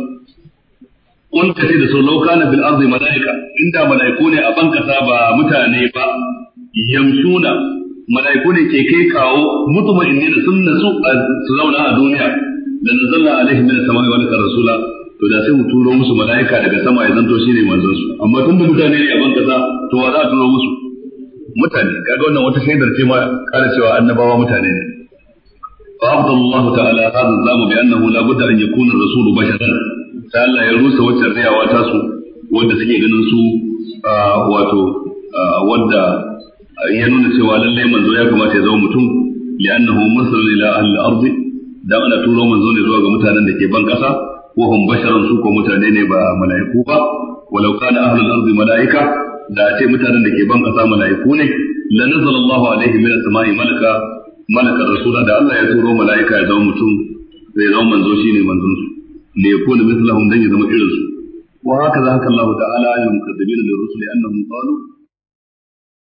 kun ta da su lauka na bil arzi malaika inda malaiku ne a ban kasa ba mutane ba yamsuna malaiku ne ke kai kawo mutumin da sun nasu su zauna a duniya da nazalla alaihi min samai wa lakar rasula to da sai mu turo musu malaika daga sama ya zanto shine manzon su amma tun da mutane ne a ban kasa to wa za a turo musu mutane kaga wannan wata shaidar ce ma ƙara cewa annabawa mutane ne fa abdullahu ta'ala hadha zamu bi annahu la budda an yakuna rasulu basharan ta Allah ya rusa wacce riyawa ta su wanda suke ganin su wato wanda ya nuna cewa lallai manzo ya kamata ya zama mutum li'annahu mursalun ila ahli al-ard da ana turo manzo ne zuwa ga mutanen da ke ban kasa wa hum basharan su ko mutane ne ba mala'iku ba walau kana ahli al-ard mala'ika da a ce mutanen da ke ban kasa mala'iku ne la nazala Allah alaihi min as-sama'i malaka malakar rasula da Allah ya turo mala'ika ya zama mutum zai zama manzo shine manzon su ne ya kula mislahum dan ya zama irin su wa haka za haka Allah ta'ala ya mukaddibina lirrusuli annahum qalu